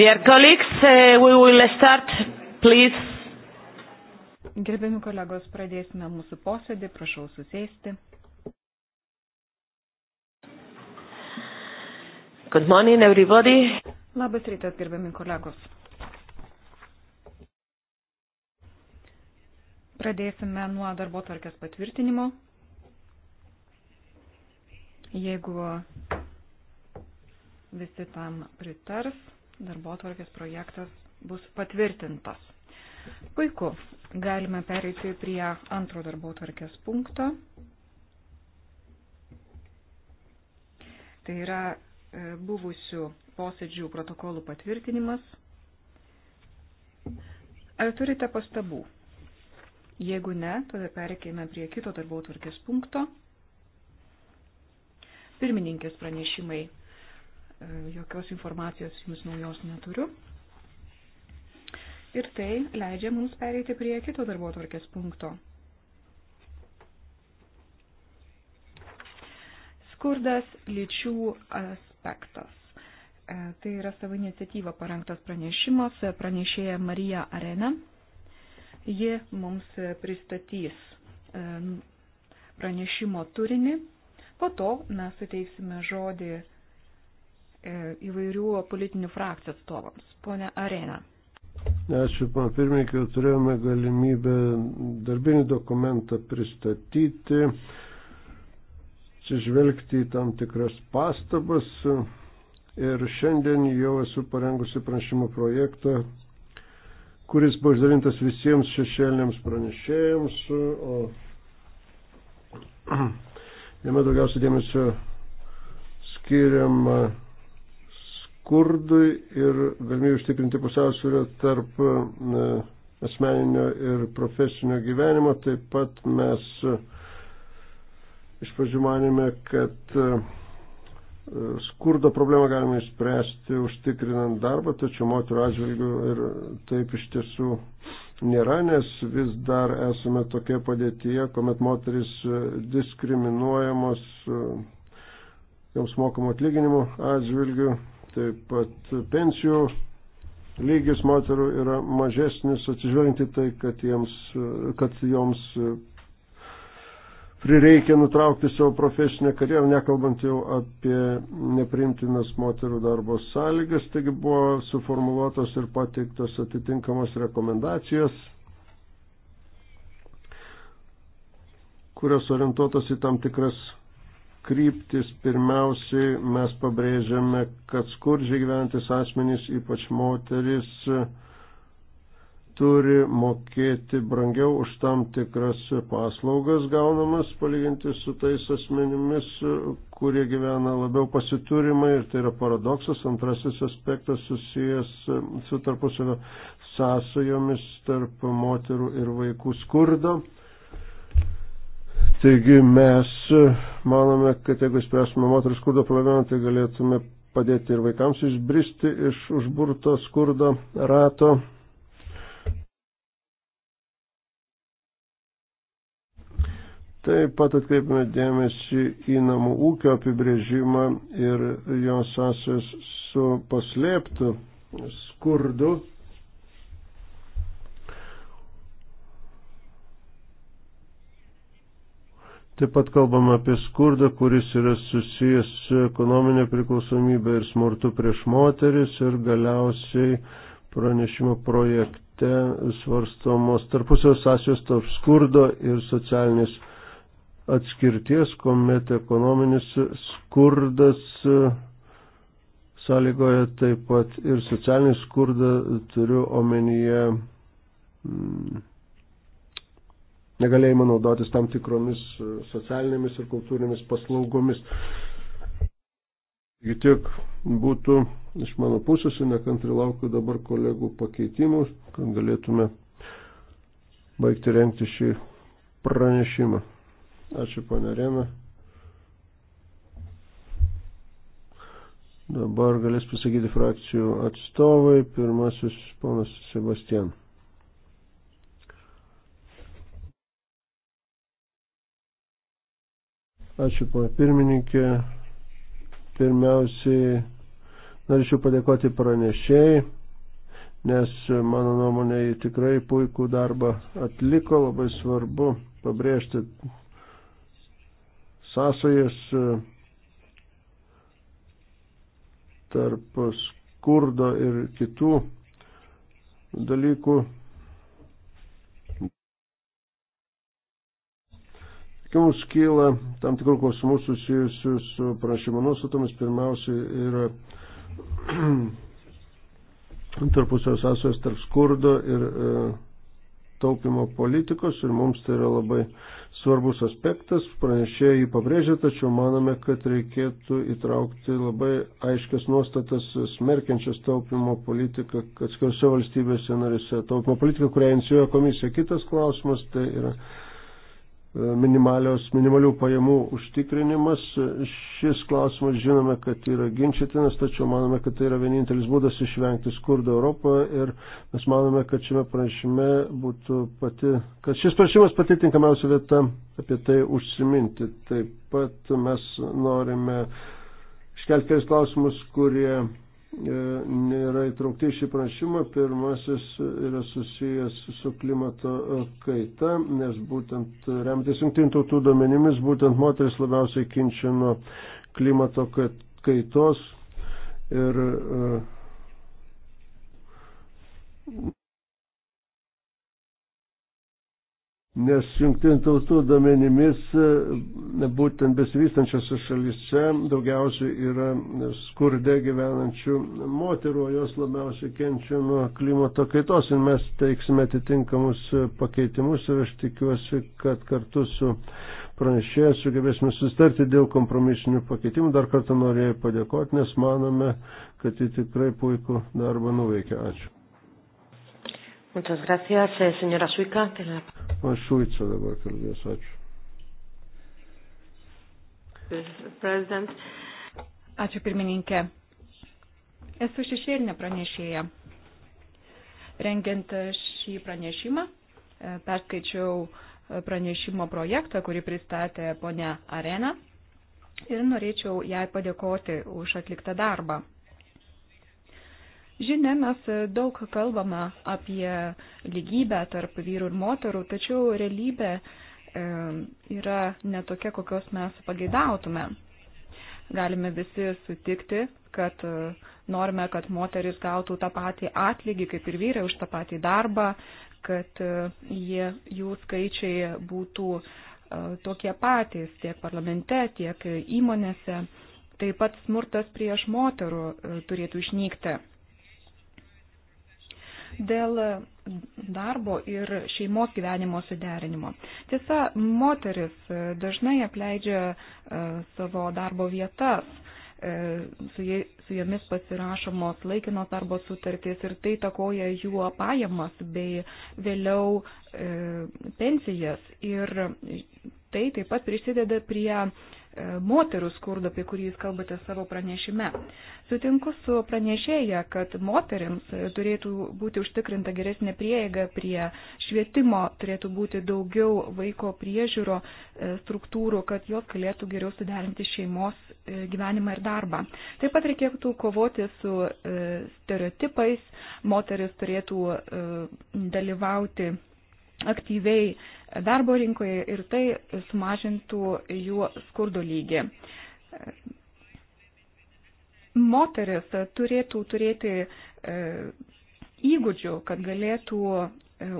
Dear colleagues, uh, we will start, please. Gerbiami kolegos, pradėsime mūsų posėdį, prašau susėsti. Good morning, everybody. Labas rytas, gerbiami kolegos. Pradėsime nuo darbo tvarkės patvirtinimo. Jeigu visi tam pritars, darbo tvarkės projektas bus patvirtintas. Puiku, galime pereiti prie antro darbo tvarkės punkto. Tai yra e, buvusių posėdžių protokolų patvirtinimas. Ar turite pastabų? Jeigu ne, tada pereikime prie kito darbo tvarkės punkto. Pirmininkės pranešimai E, jokios informacijos jums naujos neturiu. Ir tai leidžia mums pereiti prie kito darbo tvarkės punkto. Skurdas lyčių aspektas. E, tai yra savo iniciatyva parengtas pranešimas, e, pranešėja Marija Arena. Ji mums pristatys pranešimo turinį, po to mes suteiksime žodį E, įvairių politinių frakcijų atstovams. Pone Arena. Ačiū, pana pirmininkė, turėjome galimybę darbinį dokumentą pristatyti, atsižvelgti į tam tikras pastabas ir šiandien jau esu parengusi pranešimo projektą, kuris buvo išdalintas visiems šešėliniams pranešėjams, o jame daugiausia dėmesio skiriama skurdui ir galimybė užtikrinti pusiausvyrą tarp e, asmeninio ir profesinio gyvenimo. Taip pat mes e, iš pradžių manėme, kad e, skurdo problemą galima išspręsti užtikrinant darbą, tačiau moterų atžvilgių ir taip iš tiesų nėra, nes vis dar esame tokia padėtyje, kuomet moteris diskriminuojamos joms mokamų atlyginimų atžvilgių Taip pat pensijų lygis moterų yra mažesnis, atsižvelgiant į tai, kad, jiems, kad joms prireikia nutraukti savo profesinę karjerą, nekalbant jau apie nepriimtinas moterų darbo sąlygas. Taigi buvo suformuoluotos ir pateiktos atitinkamos rekomendacijos kurios orientuotos į tam tikras kryptis. Pirmiausiai mes pabrėžiame, kad skurdžiai gyventis asmenys, ypač moteris, turi mokėti brangiau už tam tikras paslaugas gaunamas, palyginti su tais asmenimis, kurie gyvena labiau pasiturimai. Ir tai yra paradoksas. Antrasis aspektas susijęs su tarpusavio sąsajomis tarp moterų ir vaikų skurdo. Taigi mes e, manome, kad jeigu spręsime moterų skurdo problemą, tai galėtume padėti ir vaikams išbristi iš užburto skurdo rato. Taip pat atkreipime dėmesį į namų ūkio apibrėžimą ir jos sąsės su paslėptų skurdu. Taip pat kalbam apie skurdą, kuris yra susijęs su ekonominė priklausomybė ir smurtu prieš moteris ir galiausiai pranešimo projekte svarstomos tarpusio sąsios tarp skurdo ir socialinės atskirties, kuomet ekonominis skurdas e, sąlygoja taip pat ir socialinį skurdą turiu omenyje. Mm, negalėjimą naudotis tam tikromis e, socialinėmis ir kultūrinėmis paslaugomis. Taigi tiek būtų iš mano pusės ir nekantri laukiu dabar kolegų pakeitimų, kad galėtume baigti renkti šį pranešimą. Ačiū, ponė Rena. Dabar galės pasakyti frakcijų atstovai. Pirmasis ponas Sebastian. Ačiū, pana pirmininkė. Pirmiausiai norėčiau padėkoti pranešėjai, nes mano nuomonė tikrai puikų darbą atliko, labai svarbu pabrėžti sąsajas e, tarp skurdo ir kitų dalykų Jums kyla tam tikrų klausimų susijusių su prašymo nuostatomis. Pirmiausia yra tarpusio sąsajos tarp skurdo ir e, taupimo politikos ir mums tai yra labai svarbus aspektas. Pranešėjai jį pabrėžė, tačiau manome, kad reikėtų įtraukti labai aiškias nuostatas smerkiančias taupimo politiką atskirose valstybėse narise. Taupimo politika, kurią inicijuoja komisija. Kitas klausimas tai yra minimalios, minimalių pajamų užtikrinimas. Šis klausimas žinome, kad yra ginčytinas, tačiau manome, kad tai yra vienintelis būdas išvengti skurdo Europoje ir mes manome, kad šiame prašyme būtų pati, kad šis prašymas pati tinkamiausia vieta apie tai užsiminti. Taip pat mes norime iškelti klausimus, kurie E, nėra įtraukti šį pranešimą. Pirmasis yra susijęs su klimato kaita, nes būtent remtis jungtinių tautų duomenimis, būtent moteris labiausiai kenčia nuo klimato kaitos ir e, Nes jungtinių tautų domenimis e, būtent besivystančiose šalyse daugiausiai yra skurde gyvenančių moterų, o jos labiausiai kenčia nuo klimato kaitos ir mes teiksime atitinkamus pakeitimus ir aš tikiuosi, kad kartu su pranešėja sugebėsime sustarti dėl kompromisinių pakeitimų. Dar kartą norėjau padėkoti, nes manome, kad ji tikrai puikų darbą nuveikė. Ačiū. Muchas gracias, eh, señora Suica. Aš Suica dabar kalbės, ačiū. President. Ačiū pirmininkė. Esu šešėlinė pranešėja. Rengiant šį pranešimą, e, perskaičiau e, pranešimo projektą, kurį pristatė ponia Arena ir norėčiau jai padėkoti už atliktą darbą. Žinia, mes daug kalbame apie lygybę tarp vyrų ir moterų, tačiau realybė e, yra netokia, kokios mes pageidautume. Galime visi sutikti, kad e, norime, kad moteris gautų tą patį atlygį kaip ir vyrai už tą patį darbą, kad e, jie, jų skaičiai būtų tokie patys tiek parlamente, tiek įmonėse. Taip pat smurtas prieš moterų turėtų išnykti dėl darbo ir šeimos gyvenimo suderinimo. Tiesa, moteris e, dažnai apleidžia e, savo darbo vietas, e, su jomis pasirašomos laikinos darbo sutartys ir tai takoja jų pajamas bei vėliau pensijas. Ir tai taip pat prisideda prie E, moterų skurdo, apie kurį jūs kalbate savo pranešime. Sutinku su pranešėja, kad moteriams e, turėtų būti užtikrinta geresnė prieiga prie švietimo, turėtų būti daugiau vaiko priežiūro e, struktūrų, kad jos galėtų geriau suderinti šeimos gyvenimą ir darbą. Taip pat reikėtų kovoti su stereotipais, moteris turėtų dalyvauti aktyviai darbo rinkoje ir tai sumažintų jų skurdo lygį. Moteris turėtų turėti e, įgūdžių, kad galėtų e,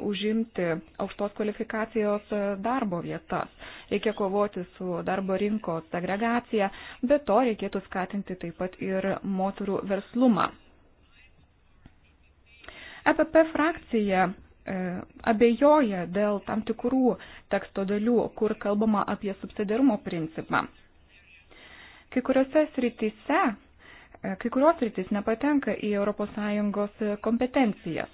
užimti aukštos kvalifikacijos e, darbo vietas. Reikia kovoti su darbo rinkos segregacija, bet to reikėtų skatinti taip pat ir moterų verslumą. EPP frakcija E, abejoja dėl tam tikrų teksto dalių, kur kalbama apie subsidiarumo principą. Kai kuriuose srityse, e, kai kurios sritys nepatenka į ES kompetencijas.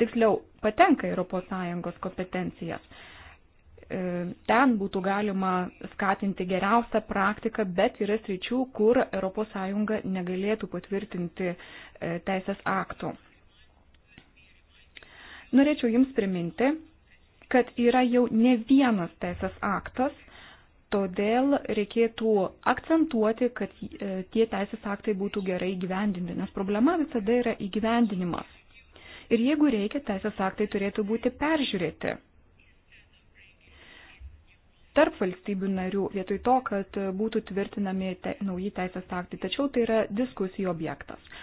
Tiksliau, patenka į ES kompetencijas. E, ten būtų galima skatinti geriausią praktiką, bet yra sričių, kur ES negalėtų patvirtinti teisės aktų Norėčiau Jums priminti, kad yra jau ne vienas teisės aktas, todėl reikėtų akcentuoti, kad e, tie teisės aktai būtų gerai įgyvendinti, nes problema visada yra įgyvendinimas. Ir jeigu reikia, teisės aktai turėtų būti peržiūrėti. Tarp valstybių narių vietoj to, kad būtų tvirtinami te, nauji teisės aktai, tačiau tai yra diskusijų objektas.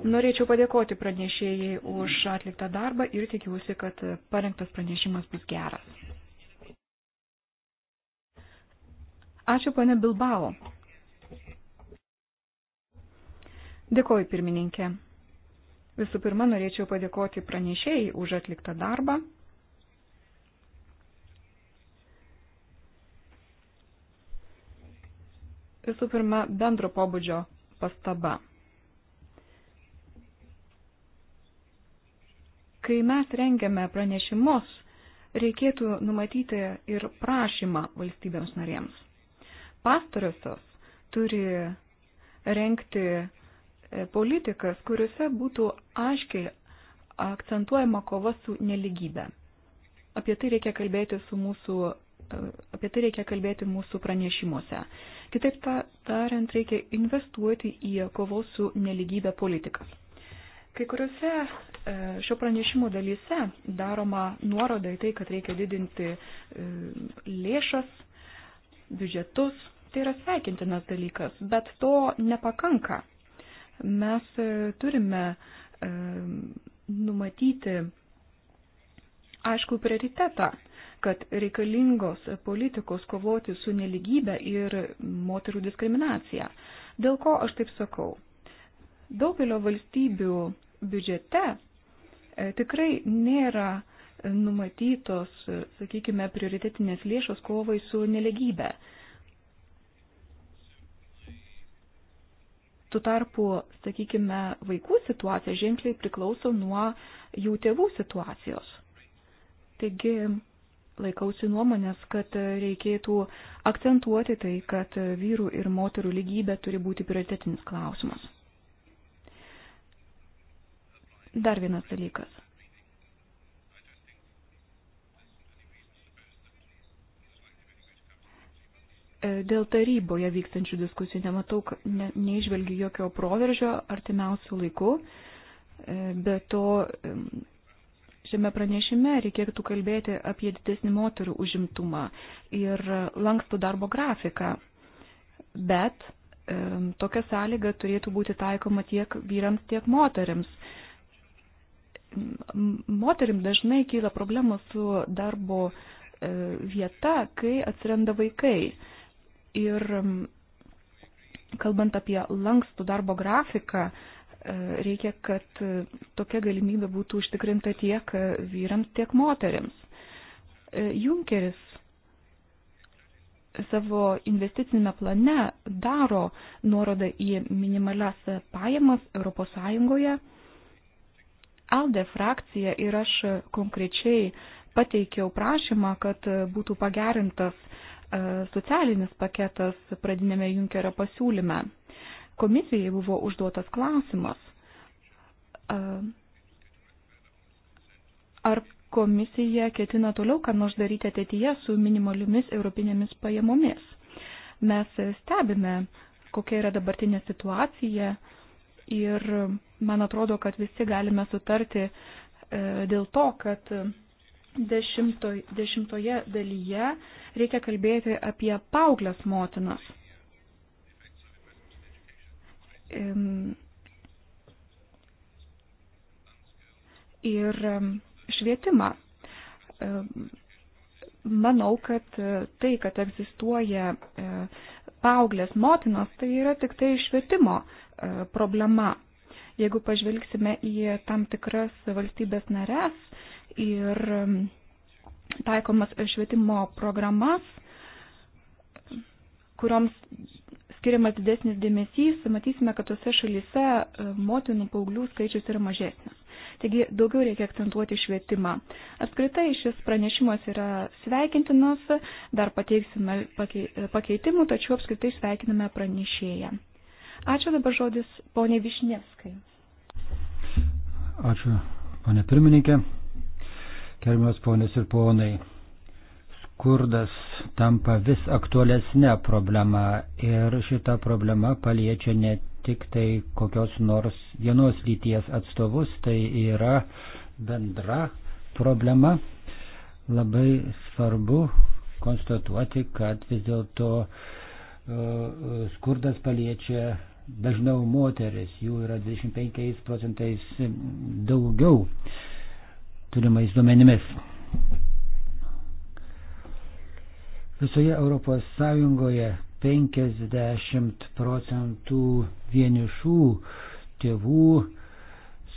Norėčiau padėkoti pranešėjai už atliktą darbą ir tikiuosi, kad parengtas pranešimas bus geras. Ačiū, pane Bilbao. Dėkoju, pirmininkė. Visų pirma, norėčiau padėkoti pranešėjai už atliktą darbą. Visų pirma, bendro pobūdžio pastaba. Kai mes rengiame pranešimus, reikėtų numatyti ir prašymą valstybėms narėms. Pastarosios turi renkti e, politikas, kuriuose būtų aiškiai akcentuojama kova su neligybė. Apie tai reikia kalbėti su mūsų e, apie tai reikia kalbėti mūsų pranešimuose. Kitaip tariant, reikia investuoti į kovos su neligybė politikas. Kai kuriuose e, šio pranešimo dalyse daroma nuoroda į tai, kad reikia didinti e, lėšas, biudžetus. Tai yra sveikintinas dalykas, bet to nepakanka. Mes e, turime numatyti aišku prioritetą, kad reikalingos politikos kovoti su neligybė ir moterų diskriminacija. Dėl ko aš taip sakau? Daugelio valstybių biudžete e, tikrai nėra numatytos, sakykime, prioritetinės lėšos kovai su nelegybė. Tuo tarpu, sakykime, vaikų situacija ženkliai priklauso nuo jų tėvų situacijos. Taigi, laikausi nuomonės, kad reikėtų akcentuoti tai, kad vyrų ir moterų lygybė turi būti prioritetinis klausimas. Dar vienas dalykas. E, dėl taryboje vykstančių diskusijų nematau, ne, neižvelgiu jokio proveržio artimiausių laikų, e, bet to šiame pranešime reikėtų kalbėti apie didesnį moterų užimtumą ir lankstų darbo grafiką. Bet tokia sąlyga turėtų būti taikoma tiek vyrams, tiek moteriams moterim dažnai kyla problemų su darbo e, vieta, kai atsiranda vaikai. Ir kalbant apie lankstų darbo grafiką, e, reikia, kad e, tokia galimybė būtų užtikrinta tiek vyrams, tiek moteriams. Junkeris savo investicinėme plane daro nuorodą į minimalias pajamas ES Alde frakcija ir aš konkrečiai pateikiau prašymą, kad būtų pagerintas e, socialinis paketas pradinėme Junkerio pasiūlyme. Komisijai buvo užduotas klausimas, e, ar komisija ketina toliau ką nors daryti ateityje su minimaliomis europinėmis pajamomis. Mes stebime, kokia yra dabartinė situacija ir man atrodo, kad visi galime sutarti e, dėl to, kad dešimto, dešimtoje dalyje reikia kalbėti apie paauglės motinas. Ir švietimą. Manau, kad tai, kad egzistuoja e, paauglės motinos, tai yra tik tai švietimo e, problema Jeigu pažvelgsime į tam tikras valstybės nares ir um, taikomas švietimo programas, kurioms skiriamas didesnis dėmesys, matysime, kad tose šalyse e, motinų paauglių skaičius yra mažesnis. Taigi daugiau reikia akcentuoti švietimą. Apskritai šis pranešimas yra sveikintinas, dar pateiksime pakeitimų, tačiau apskritai sveikiname pranešėją. Ačiū dabar žodis ponė Višnievskai. Ačiū, ponė pirmininkė. Kermios ponės ir ponai. Skurdas tampa vis aktualesnė problema ir šita problema paliečia ne tik tai kokios nors vienos lyties atstovus, tai yra bendra problema. Labai svarbu konstatuoti, kad vis dėlto e, skurdas paliečia dažniau moteris, jų yra 25 procentais daugiau turimais duomenimis. Visoje Europos Sąjungoje 50 procentų vienišų tėvų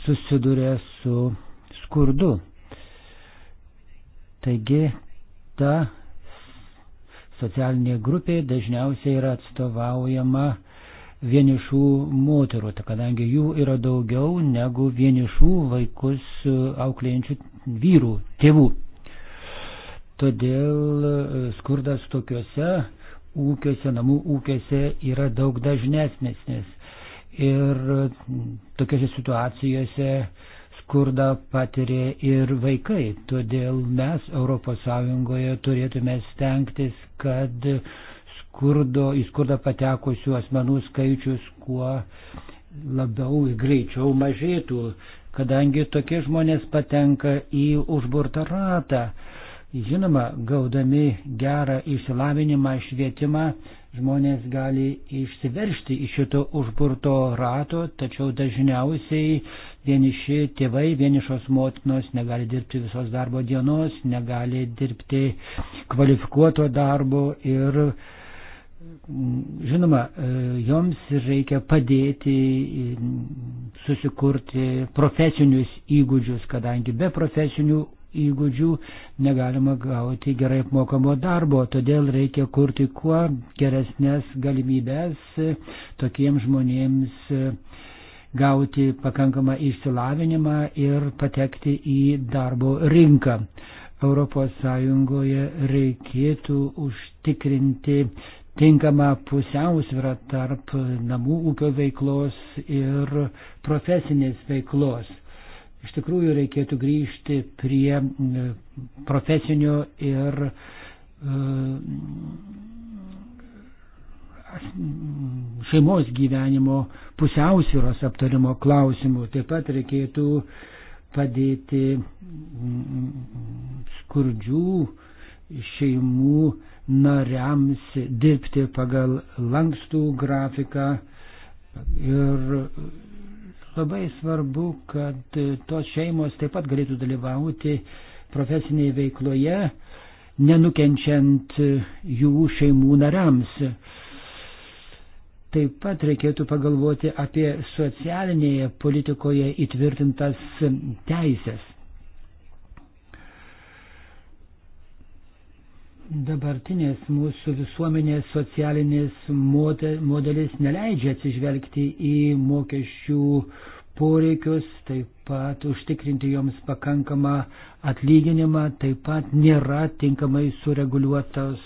susiduria su skurdu. Taigi ta socialinė grupė dažniausiai yra atstovaujama vienišų moterų, tai kadangi jų yra daugiau negu vienišų vaikus e, auklėjančių vyrų, tėvų. Todėl e, skurdas tokiuose ūkiuose, namų ūkiuose yra daug dažnesnis. Ir e, tokiuose situacijose skurdą patiria ir vaikai. Todėl mes ES turėtume stengtis, kad uh, skurdo, į skurdą patekusių asmenų skaičius kuo labiau ir greičiau mažėtų, kadangi tokie žmonės patenka į užburtą ratą. Žinoma, gaudami gerą išsilavinimą, švietimą, žmonės gali išsiveršti iš šito užburto rato, tačiau dažniausiai vieniši tėvai, vienišos motinos negali dirbti visos darbo dienos, negali dirbti kvalifikuoto darbo ir Žinoma, e, joms reikia padėti e, susikurti profesinius įgūdžius, kadangi be profesinių įgūdžių negalima gauti gerai apmokamo darbo, todėl reikia kurti kuo geresnės galimybės e, tokiems žmonėms gauti pakankamą išsilavinimą ir patekti į darbo rinką. ES reikėtų užtikrinti tinkamą pusiausvyrą tarp namų ūkio veiklos ir profesinės veiklos. Iš tikrųjų reikėtų grįžti prie e, profesinio ir e, šeimos gyvenimo pusiausvyros aptarimo klausimų. Taip pat reikėtų padėti skurdžių šeimų nariams dirbti pagal lankstų grafiką. Ir labai svarbu, kad tos šeimos taip pat galėtų dalyvauti profesinėje veikloje, nenukenčiant jų šeimų nariams. Taip pat reikėtų pagalvoti apie socialinėje politikoje įtvirtintas teisės. dabartinės mūsų visuomenės socialinės modelis neleidžia atsižvelgti į mokesčių poreikius, taip pat užtikrinti joms pakankamą atlyginimą, taip pat nėra tinkamai sureguliuotas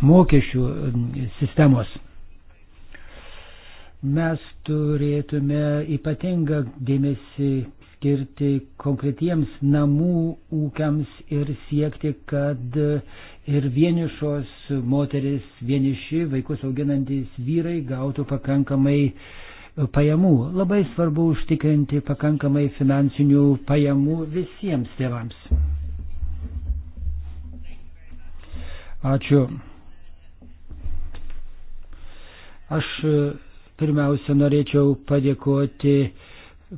mokesčių sistemos. Mes turėtume ypatingą dėmesį skirti konkretiems namų ūkiams ir siekti, kad ir vienišos moteris, vieniši vaikus auginantis vyrai gautų pakankamai e, pajamų. Labai svarbu užtikrinti pakankamai finansinių pajamų visiems tėvams. Ačiū. Aš e, pirmiausia norėčiau padėkoti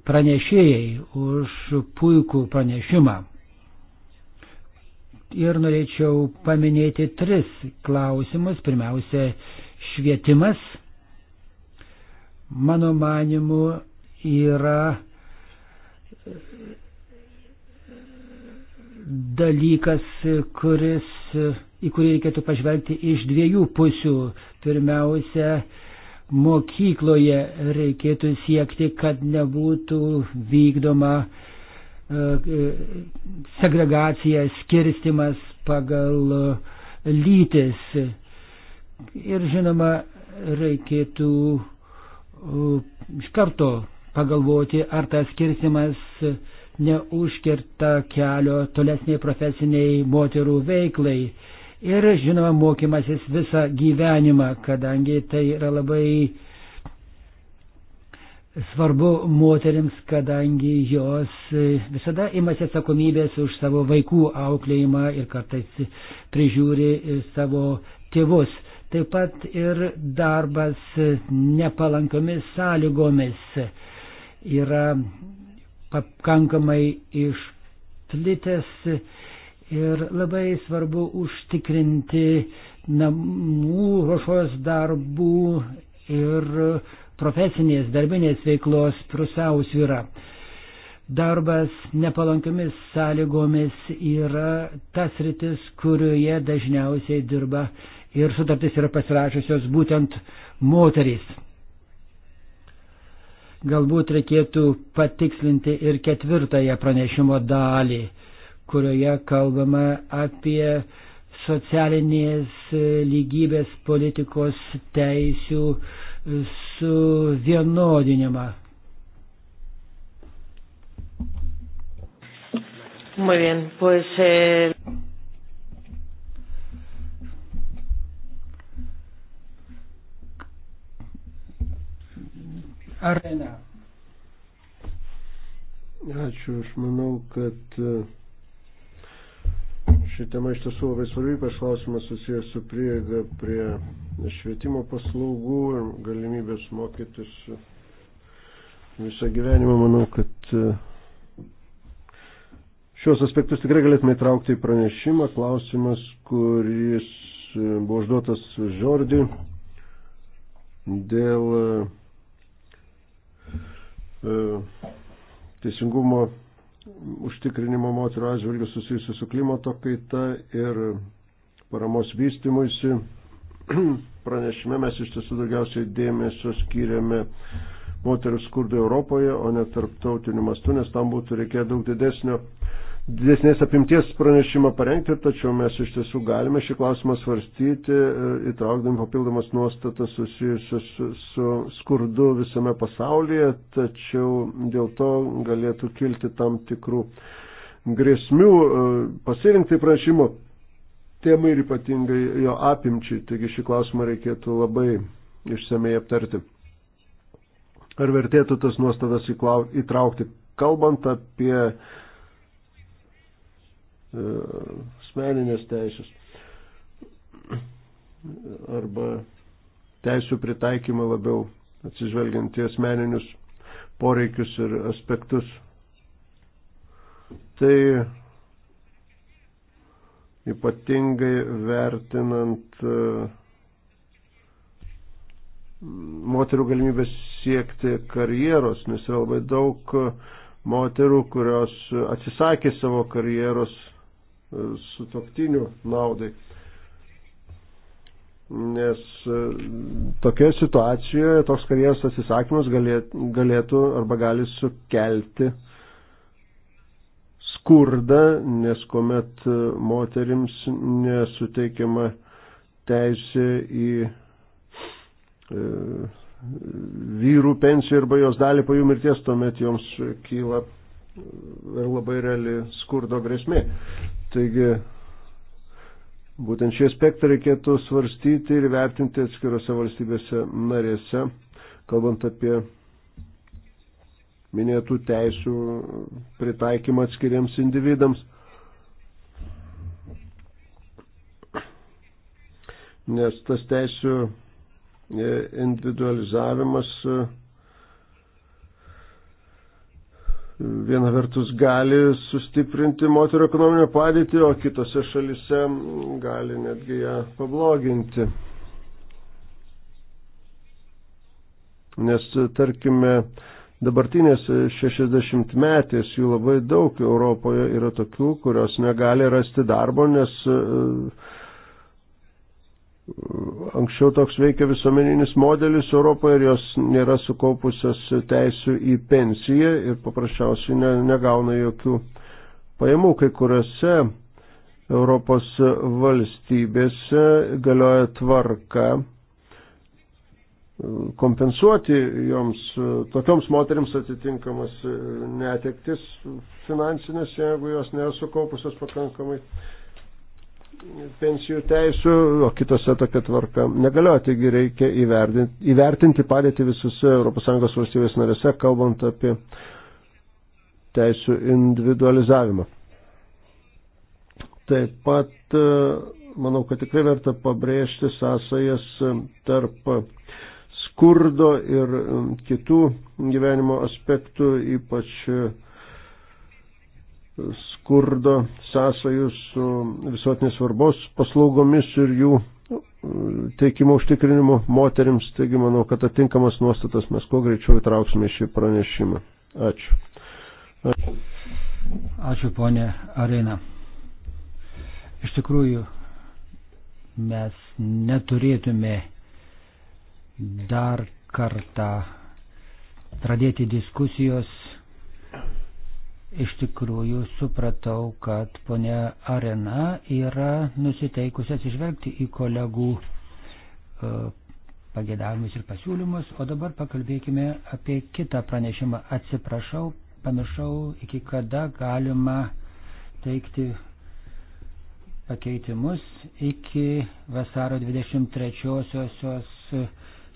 pranešėjai už puikų pranešimą ir norėčiau paminėti tris klausimus. Pirmiausia, švietimas, mano manimu, yra dalykas, kuris, į kurį reikėtų pažvelgti iš dviejų pusių. Pirmiausia, mokykloje reikėtų siekti, kad nebūtų vykdoma uh, segregacija, skirstimas pagal e, lytis. Ir žinoma, reikėtų e, iš karto pagalvoti, ar tas skirstimas neužkirta kelio tolesniai profesiniai moterų veiklai. Ir žinoma, mokymasis visą gyvenimą, kadangi tai yra labai uh, svarbu moteriams, kadangi jos e, visada imasi atsakomybės už savo vaikų auklėjimą ir kartais prižiūri e, savo tėvus. Taip pat ir darbas e, nepalankiomis sąlygomis yra pakankamai išplitęs ir labai svarbu užtikrinti namų ruošos darbų ir uh, profesinės darbinės veiklos pusiausvyrą. Darbas nepalankiomis sąlygomis yra tas rytis, kurioje dažniausiai dirba ir sutartis yra pasirašusios būtent moterys. Galbūt reikėtų patikslinti ir ketvirtąją pranešimo dalį, kurioje kalbama apie socialinės lygybės politikos teisių uh, suvienodinimą. Muy bien, pues. Eh... Arena. Ačiū, aš manau, kad e, ši tema iš tiesų labai svarbi, ypač klausimas susijęs su prieiga prie švietimo paslaugų ir galimybės mokytis visą gyvenimą, manau, kad e, šios aspektus tikrai galėtume įtraukti į pranešimą. Klausimas, kuris e, buvo užduotas Žordi dėl e, teisingumo užtikrinimo moterų atžvilgių susijusiu su klimato kaita ir paramos vystimuisi pranešime mes iš tiesų daugiausiai dėmesio skiriame moterų skurdų Europoje, o ne tarptautiniu mastu, nes tam būtų reikėję daug didesnio, didesnės apimties pranešimą parengti, tačiau mes iš tiesų galime šį klausimą svarstyti, e, įtraukdami papildomas nuostatas susijusius su, su skurdu visame pasaulyje, tačiau dėl to galėtų kilti tam tikrų grėsmių e, pasirinkti pranešimo temai ir ypatingai jo apimčiai, taigi šį klausimą reikėtų labai išsamei aptarti. Ar vertėtų tas nuostatas įtraukti, kalbant apie e, asmeninės teisės arba teisų pritaikymą labiau atsižvelgiant į asmeninius poreikius ir aspektus. Tai ypatingai vertinant e, moterų galimybės siekti karjeros, nes yra labai daug e, moterų, kurios atsisakė savo karjeros e, su toktiniu naudai. Nes tokioje situacijoje toks karjeros atsisakymas galėtų arba gali sukelti uh, skurdą, nes kuomet moterims nesuteikiama teisė į e, vyrų pensiją arba jos dalį po jų mirties, tuomet joms kyla ir e, labai reali skurdo grėsmė. Taigi Būtent šį aspektą reikėtų svarstyti ir vertinti atskirose valstybėse narėse, kalbant apie minėtų teisų pritaikymą atskiriams individams. Nes tas teisų e, individualizavimas e, viena vertus gali sustiprinti moterio ekonominę padėtį, o kitose šalise gali netgi ją pabloginti. Nes, tarkime, dabartinės 60 metės, jų labai daug Europoje yra tokių, kurios negali rasti darbo, nes e, anksčiau toks veikia visuomeninis modelis Europoje ir jos nėra sukaupusios teisų į pensiją ir paprasčiausiai ne, negauna jokių pajamų. Kai kuriuose Europos valstybėse galioja tvarka kompensuoti joms e, tokioms moteriams atitinkamas e, netektis finansinės, jeigu jos nėra sukaupusios pakankamai pensijų teisų, o kitose tokia tvarka negalioja. Taigi reikia įvertinti, įvertinti padėti visose ES valstybės narėse, kalbant apie teisų individualizavimą. Taip pat e, manau, kad tikrai verta pabrėžti sąsajas tarp skurdo ir um, kitų gyvenimo aspektų, ypač e, skurdo sąsajų su visuotinės svarbos paslaugomis ir jų e, teikimo užtikrinimu moteriams. Taigi manau, kad atinkamas nuostatas mes kuo greičiau įtrauksime šį pranešimą. Ačiū. Ačiū, Ačiū ponė Arena. Iš tikrųjų, mes neturėtume dar kartą pradėti diskusijos. Iš tikrųjų supratau, kad ponia Arena yra nusiteikusi atsižvelgti į kolegų e, pagėdavimus ir pasiūlymus, o dabar pakalbėkime apie kitą pranešimą. Atsiprašau, pamiršau, iki kada galima teikti pakeitimus iki vasaro 23-osios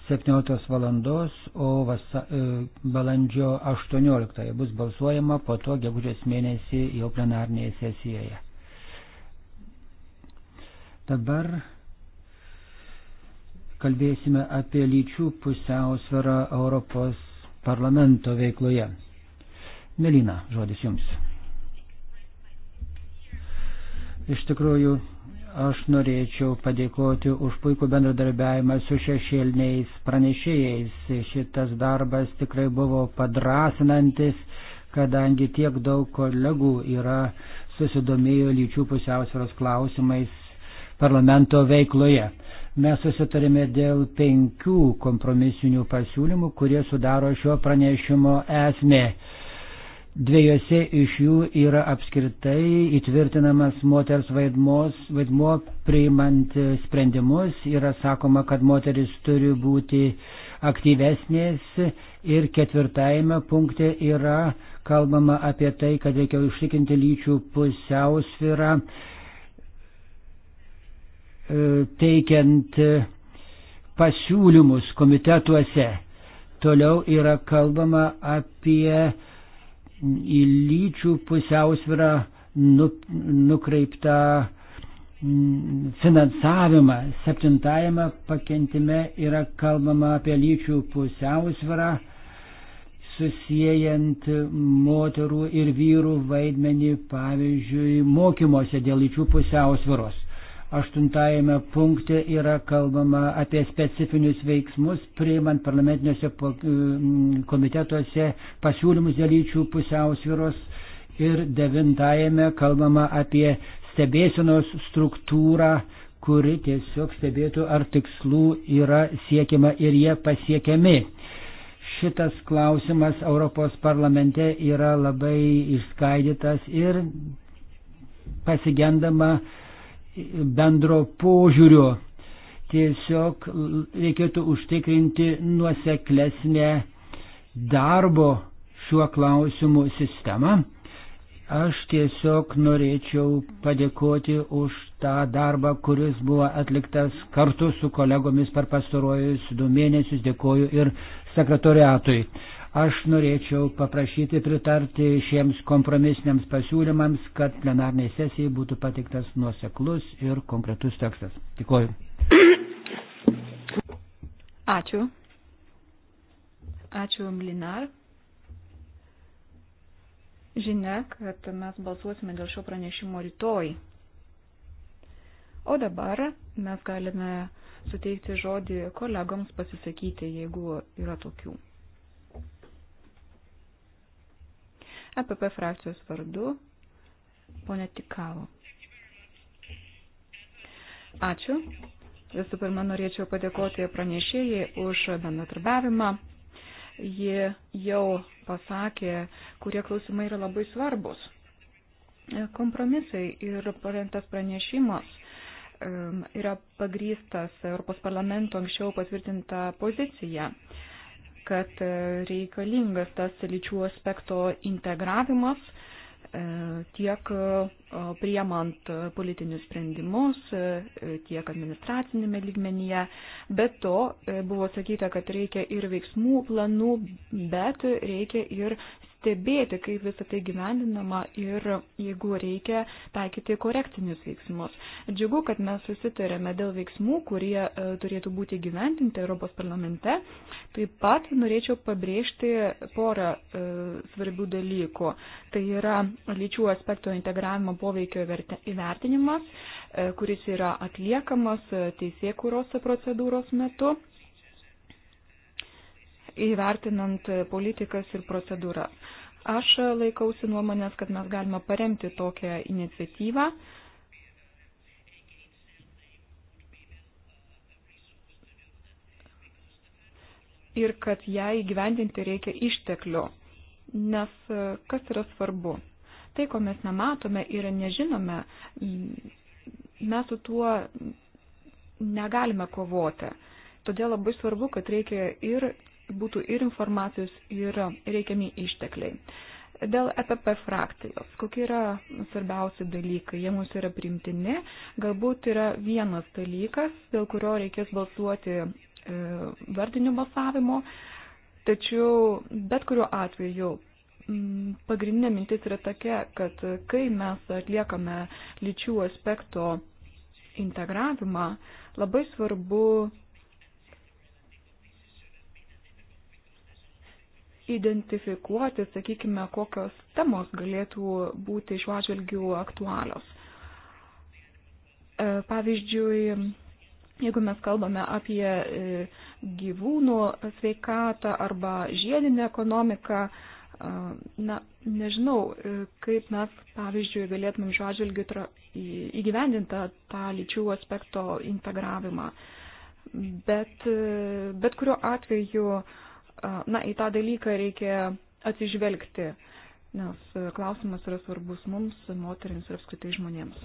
17 valandos, o vasa, e, balandžio 18 bus balsuojama, po to gegužės mėnesį jau plenarnėje sesijoje. Dabar kalbėsime apie lyčių pusiausvyrą Europos parlamento veikloje. Melina, žodis jums. Iš tikrųjų, Aš norėčiau padėkoti už puikų bendradarbiavimą su šešėliniais pranešėjais. Šitas darbas tikrai buvo padrasinantis, kadangi tiek daug kolegų yra susidomėjo lyčių pusiausvėros klausimais parlamento veikloje. Mes susitarėme dėl penkių kompromisinių pasiūlymų, kurie sudaro šio pranešimo esmė. Dviejose iš jų yra apskritai įtvirtinamas moters vaidmos, vaidmo priimant sprendimus. Yra sakoma, kad moteris turi būti aktyvesnės. Ir ketvirtajame punkte yra kalbama apie tai, kad reikia užtikrinti lyčių pusiausvyrą, e, teikiant pasiūlymus komitetuose. Toliau yra kalbama apie į lyčių pusiausvyrą nukreiptą mm, finansavimą. Septintajame pakentime yra kalbama apie lyčių pusiausvyrą, susijęjant moterų ir vyrų vaidmenį, pavyzdžiui, mokymuose dėl lyčių pusiausvyros aštuntajame punkte yra kalbama apie specifinius veiksmus, priimant parlamentiniuose komitetuose pasiūlymus dėl lyčių pusiausviros ir devintajame kalbama apie stebėsinos struktūrą, kuri tiesiog stebėtų, ar tikslų yra siekiama ir jie pasiekiami. Šitas klausimas Europos parlamente yra labai išskaidytas ir pasigendama uh, bendro požiūrio. Tiesiog reikėtų užtikrinti nuoseklesnę darbo šiuo klausimu sistemą. Aš tiesiog norėčiau padėkoti už tą darbą, kuris buvo atliktas kartu su kolegomis per pastarojus du mėnesius. Dėkoju ir sekretoriatui. Aš norėčiau paprašyti pritarti šiems kompromisiniams pasiūlymams, kad plenarniai sesijai būtų patiktas nuoseklus ir konkretus tekstas. Dėkuoju. Ačiū. Ačiū, Mlinar. Žinia, kad mes balsuosime dėl šio pranešimo rytoj. O dabar mes galime suteikti žodį kolegoms pasisakyti, jeigu yra tokių. EPP frakcijos vardu, ponė Tikavo. Ačiū. Visų pirma, norėčiau padėkoti pranešėjai už bendradarbiavimą. Ji jau pasakė, kurie klausimai yra labai svarbus. Kompromisai ir parengtas pranešimas um, yra pagrystas Europos parlamento anksčiau patvirtinta pozicija kad e, reikalingas tas lyčių aspekto integravimas e, tiek e, priemant politinius sprendimus, tiek administracinėme lygmenyje. Be to buvo sakyta, kad reikia ir veiksmų planų, bet reikia ir stebėti, kaip visą tai gyvendinama ir jeigu reikia taikyti korektinius veiksmus. Džiugu, kad mes susitarėme dėl veiksmų, kurie e, turėtų būti gyvendinti Europos parlamente. Taip pat norėčiau pabrėžti porą e, svarbių dalykų. Tai yra lyčių aspekto integravimo poveikio įvertinimas, e, kuris yra atliekamas e, teisėkūros procedūros metu įvertinant politikas ir procedūras. Aš laikausi nuomonės, kad mes galime paremti tokią iniciatyvą. Ir kad ją įgyvendinti reikia išteklių. Nes e, kas yra svarbu? Tai, ko mes nematome ir nežinome, mes su tuo negalime kovoti. Todėl labai svarbu, kad reikia ir būtų ir informacijos, ir reikiami ištekliai. Dėl EPP frakcijos, kokie yra svarbiausi dalykai, jie mums yra primtini, galbūt yra vienas dalykas, dėl kurio reikės balsuoti e, vardiniu balsavimu, tačiau bet kuriuo atveju pagrindinė mintis yra tokia, kad kai mes atliekame lyčių aspekto integravimą, labai svarbu identifikuoti, sakykime, kokios temos galėtų būti šiuo atžvilgiu aktualios. E, pavyzdžiui, jeigu mes kalbame apie e, gyvūnų sveikatą arba žiedinę ekonomiką, e, na, nežinau, kaip mes, pavyzdžiui, galėtumėm šiuo atžvilgiu įgyvendinti tą lyčių aspekto integravimą. Bet, bet kuriuo atveju uh, Na, į tą dalyką reikia atsižvelgti, nes klausimas yra svarbus mums, moteriams ir apskritai žmonėms.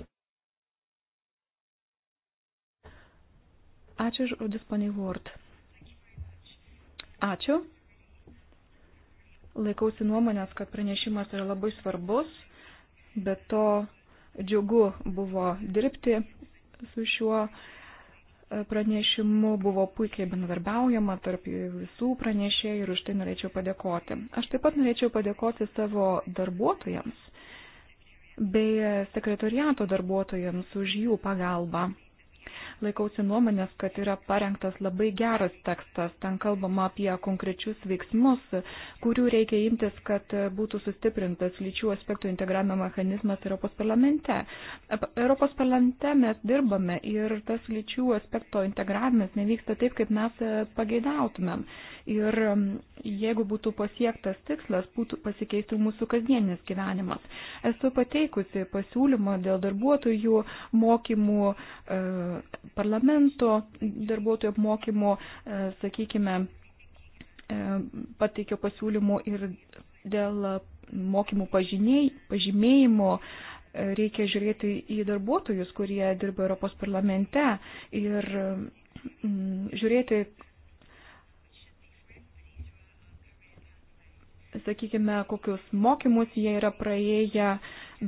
Ačiū žodis poniai Ward. Ačiū. Laikausi nuomonės, kad pranešimas yra labai svarbus, bet to džiugu buvo dirbti su šiuo uh, pranešimu buvo puikiai bendarbiaujama tarp visų pranešėjų ir už tai norėčiau padėkoti. Aš taip pat norėčiau padėkoti savo darbuotojams bei sekretoriato darbuotojams už jų pagalbą laikausi nuomonės, kad yra parengtas labai geras tekstas. Ten kalbama apie konkrečius veiksmus, kurių reikia imtis, kad būtų sustiprintas lyčių aspektų integravimo mechanizmas Europos parlamente. Europos parlamente mes dirbame ir tas lyčių aspekto integravimas nevyksta taip, kaip mes pageidautumėm ir um, jeigu būtų pasiektas tikslas, būtų pasikeistų mūsų kasdienis gyvenimas. Esu pateikusi pasiūlymą dėl darbuotojų mokymų, uh, parlamento darbuotojų apmokymų, uh, sakykime, uh, pateikiau pasiūlymų ir dėl mokymų pažiniai, pažymėjimo reikia žiūrėti į darbuotojus, kurie dirba Europos parlamente ir um, žiūrėti, sakykime, kokius mokymus jie yra praėję,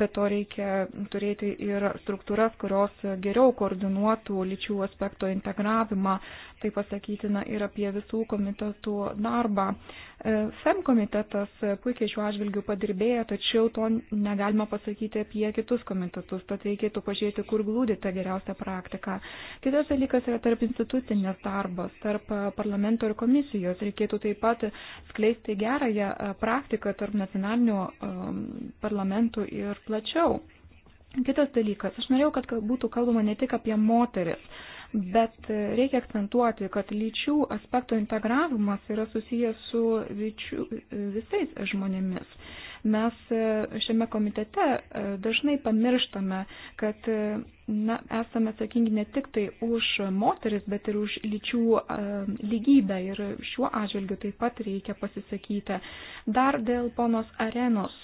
bet to reikia turėti ir struktūras, kurios geriau koordinuotų lyčių aspekto integravimą Tai pasakytina ir apie visų komitetų darbą. E, FEM komitetas puikiai šiuo atžvilgiu padirbėjo, tačiau to negalima pasakyti apie kitus komitetus, tad reikėtų pažiūrėti, kur glūdi ta geriausia praktika. Kitas dalykas yra tarp institucinės darbas, tarp parlamento ir komisijos. Reikėtų taip pat skleisti gerąją praktiką tarp nacionalinių e, parlamentų ir plačiau. Kitas dalykas, aš norėjau, kad būtų kalbama ne tik apie moteris bet reikia akcentuoti, kad lyčių aspekto integravimas yra susijęs su vyčių, visais žmonėmis. Mes šiame komitete e, dažnai pamirštame, kad e, na, esame atsakingi ne tik tai už moteris, bet ir už lyčių e, lygybę ir šiuo atžvilgiu taip pat reikia pasisakyti. Dar dėl ponos arenos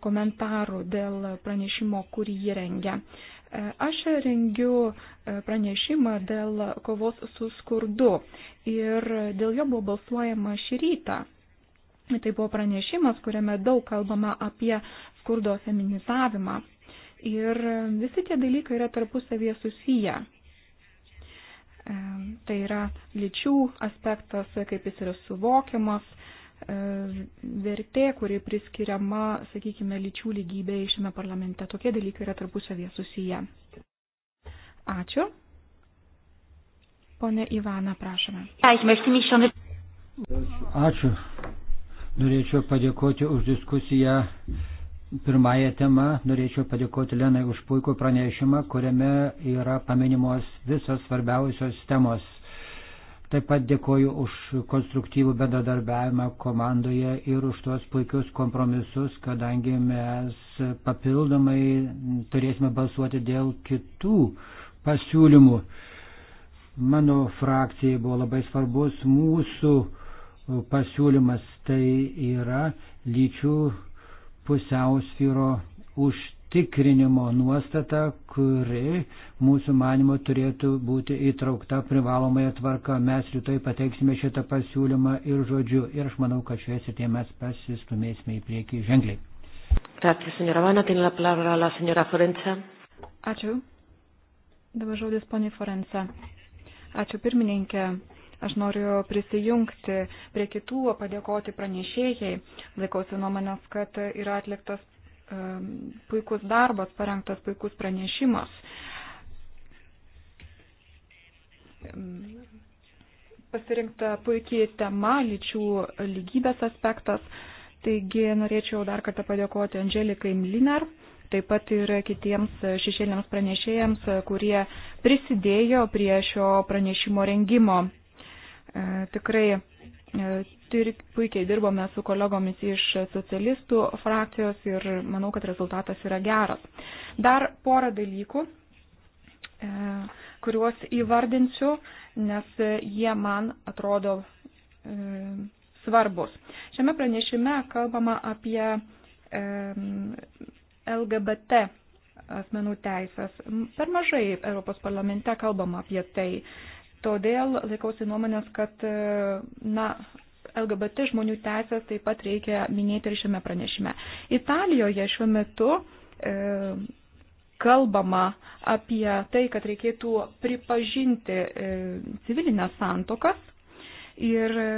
komentarų dėl pranešimo, kurį jį rengia. Aš rengiu e, pranešimą dėl kovos su skurdu ir dėl jo buvo balsuojama šį rytą. Tai buvo pranešimas, kuriame daug kalbama apie skurdo feminizavimą. Ir visi tie dalykai yra tarpusavėje susiję. E, tai yra lyčių aspektas, kaip jis yra suvokiamas, E, vertė, kuri priskiriama, sakykime, lyčių lygybėje šiame parlamente. Tokie dalykai yra tarpusavėje susiję. Ačiū. Pone Ivana, prašome. Ačiū. Norėčiau padėkoti už diskusiją pirmąją temą. Norėčiau padėkoti Lenai už puikų pranešimą, kuriame yra paminimos visos svarbiausios temos. Taip pat dėkoju už konstruktyvų bendradarbiavimą komandoje ir už tuos puikius kompromisus, kadangi mes papildomai turėsime balsuoti dėl kitų pasiūlymų. Mano frakcijai buvo labai svarbus mūsų pasiūlymas, tai yra lyčių pusiausvyro užtikrinimas tikrinimo nuostata, kuri mūsų manimo turėtų būti įtraukta privalomąją tvarką. Mes rytoj pateiksime šitą pasiūlymą ir žodžiu ir aš manau, kad šioje srityje mes pasistumėsime į priekį ženkliai. Ačiū. Dabar žodis poniai Forensa. Ačiū pirmininkė. Aš noriu prisijungti prie kitų, padėkoti pranešėjai. Laikausi nuomonės, kad yra atliktas Um, puikus darbas, parengtas puikus pranešimas. Um, pasirinkta puikiai tema lyčių lygybės aspektas. Taigi norėčiau dar kartą padėkoti Angelikai Mliner, taip pat ir kitiems šešėliams pranešėjams, kurie prisidėjo prie šio pranešimo rengimo. E, tikrai E, puikiai dirbome su kolegomis iš socialistų frakcijos ir manau, kad rezultatas yra geras. Dar porą dalykų, e, kuriuos įvardinsiu, nes jie man atrodo e, svarbus. Šiame pranešime kalbama apie LGBT asmenų teisės. Per mažai Europos parlamente kalbama apie tai. Todėl laikausi nuomonės, kad e, na, LGBT žmonių teisės taip pat reikia minėti ir šiame pranešime. Italijoje šiuo metu e, kalbama apie tai, kad reikėtų pripažinti e, civilinės santokas ir e,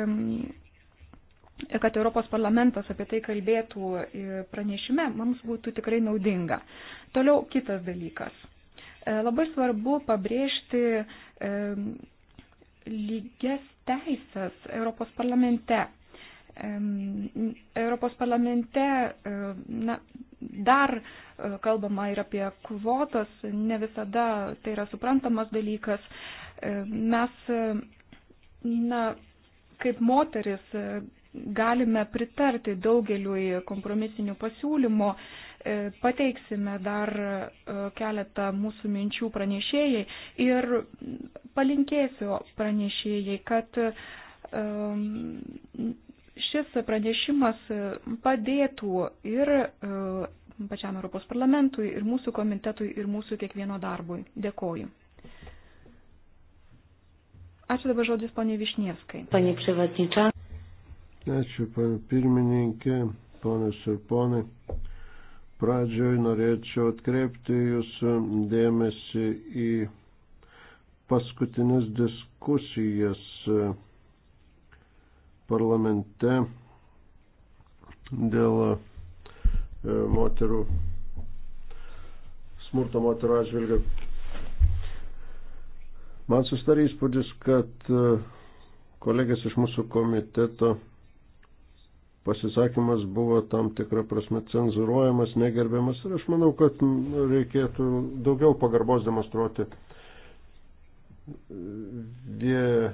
kad Europos parlamentas apie tai kalbėtų e, pranešime, mums būtų tikrai naudinga. Toliau kitas dalykas. E, labai svarbu pabrėžti e, lygias teisės Europos parlamente. Europos parlamente e, na, dar e, kalbama ir apie kvotas, ne visada tai yra suprantamas dalykas. E, mes, na, kaip moteris galime pritarti daugeliui kompromisinių pasiūlymų, E, pateiksime dar e, keletą mūsų minčių pranešėjai ir palinkėsiu pranešėjai, kad e, šis pranešimas padėtų ir pačiam Europos parlamentui, ir mūsų komitetui, ir mūsų kiekvieno darbui. Dėkoju. Ačiū dabar žodis poniai Višnievskai. Panie Privatničia. Ačiū, pan pirmininkė, ponios ir ponai. Pradžioj norėčiau atkreipti jūsų dėmesį į paskutinės diskusijas e, parlamente dėl e, moterų smurto moterų atžvilgių. Man susidarė įspūdis, kad e, kolegės iš mūsų komiteto pasisakymas buvo tam tikrą prasme cenzuruojamas, negerbiamas ir aš manau, kad reikėtų daugiau pagarbos demonstruoti vie...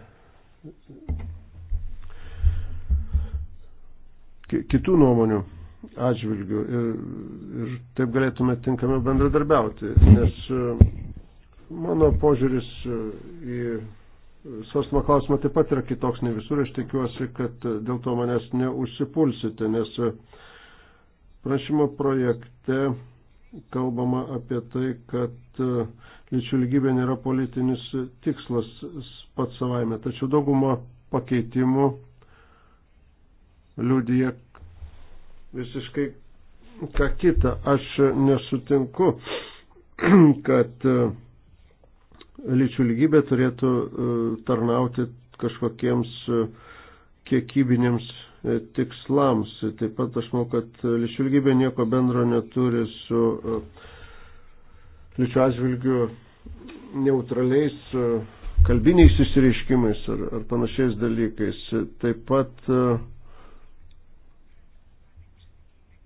kitų nuomonių atžvilgių ir, ir taip galėtume tinkamiau bendradarbiauti, nes e, mano požiūris e, į svarstama klausimą taip pat yra kitoks ne visur. Aš tikiuosi, kad dėl to manęs neužsipulsite, nes prašymo projekte kalbama apie tai, kad lyčių lygybė nėra politinis tikslas pats savaime. Tačiau dauguma pakeitimų liudyje visiškai ką kitą. Aš nesutinku, kad lyčių lygybė turėtų e, tarnauti kažkokiems e, kiekybinėms e, tikslams. Taip pat aš manau, kad lyčių lygybė nieko bendro neturi su lyčių atžvilgių neutraliais kalbiniais išsireiškimais ar, ar panašiais dalykais. Taip pat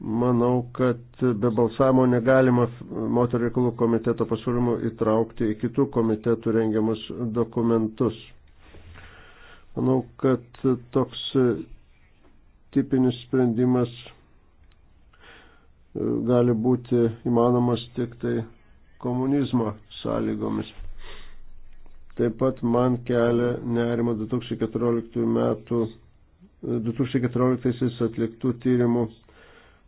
Manau, kad be balsavimo negalima moterų reikalų komiteto pasiūlymų įtraukti į kitų komitetų rengiamus dokumentus. Manau, kad toks tipinis sprendimas e, gali būti įmanomas tik tai komunizmo sąlygomis. Taip pat man kelia nerima 2014 metų 2014 e, atliktų tyrimų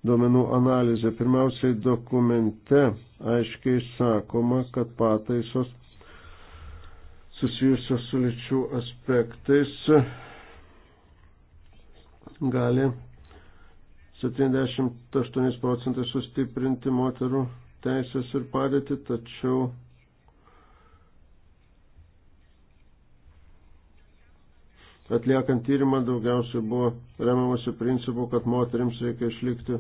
duomenų analizę. Pirmiausiai dokumente aiškiai sakoma, kad pataisos susijusios su lyčių aspektais gali 78 procentai sustiprinti moterų teisės ir padėti, tačiau atliekant tyrimą daugiausiai buvo remiamasi principu, kad moteriams reikia išlikti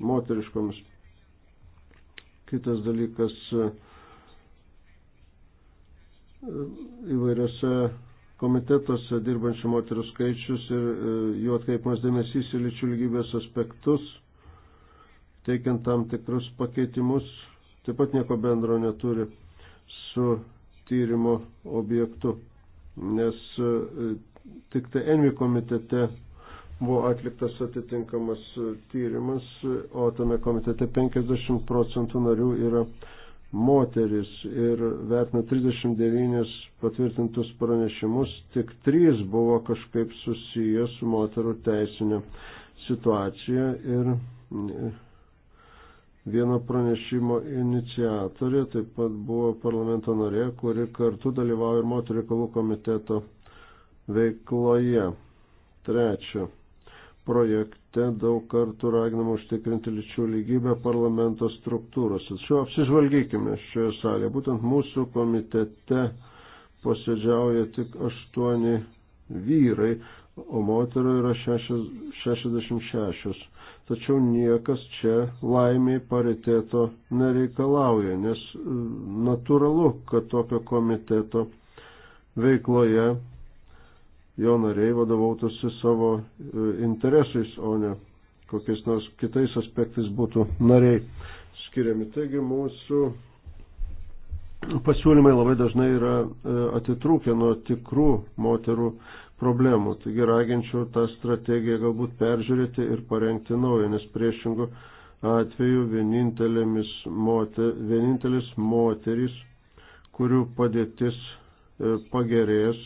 moteriškoms. Kitas dalykas įvairiose komitetuose dirbančių moterų skaičius ir e, jų atkreipimas dėmesys į lyčių lygybės aspektus, teikiant tam tikrus pakeitimus, taip pat nieko bendro neturi su tyrimo objektu, nes e, tik tai Envi komitete buvo atliktas atitinkamas tyrimas, o tame komitete 50 procentų narių yra moteris ir vertino 39 patvirtintus pranešimus, tik 3 buvo kažkaip susiję su moterų teisinė situacija ir vieno pranešimo iniciatorė taip pat buvo parlamento narė, kuri kartu dalyvauja ir moterų reikalų komiteto veikloje. Trečia projekte daug kartų raginama užtikrinti lyčių lygybę parlamento struktūrose. Tačiau apsižvalgykime šioje salėje. Būtent mūsų komitete posėdžiauja tik aštuoni vyrai, o moterų yra 66. Tačiau niekas čia laimiai pariteto nereikalauja, nes e, natūralu, kad tokio komiteto veikloje jo nariai vadovautųsi savo e, interesais, o ne kokiais nors kitais aspektais būtų nariai skiriami. Taigi mūsų pasiūlymai labai dažnai yra e, atitrūkę nuo tikrų moterų problemų. Taigi raginčiau tą strategiją galbūt peržiūrėti ir parengti naują, nes priešingų atveju moter, vienintelis moteris, kurių padėtis e, pagerės,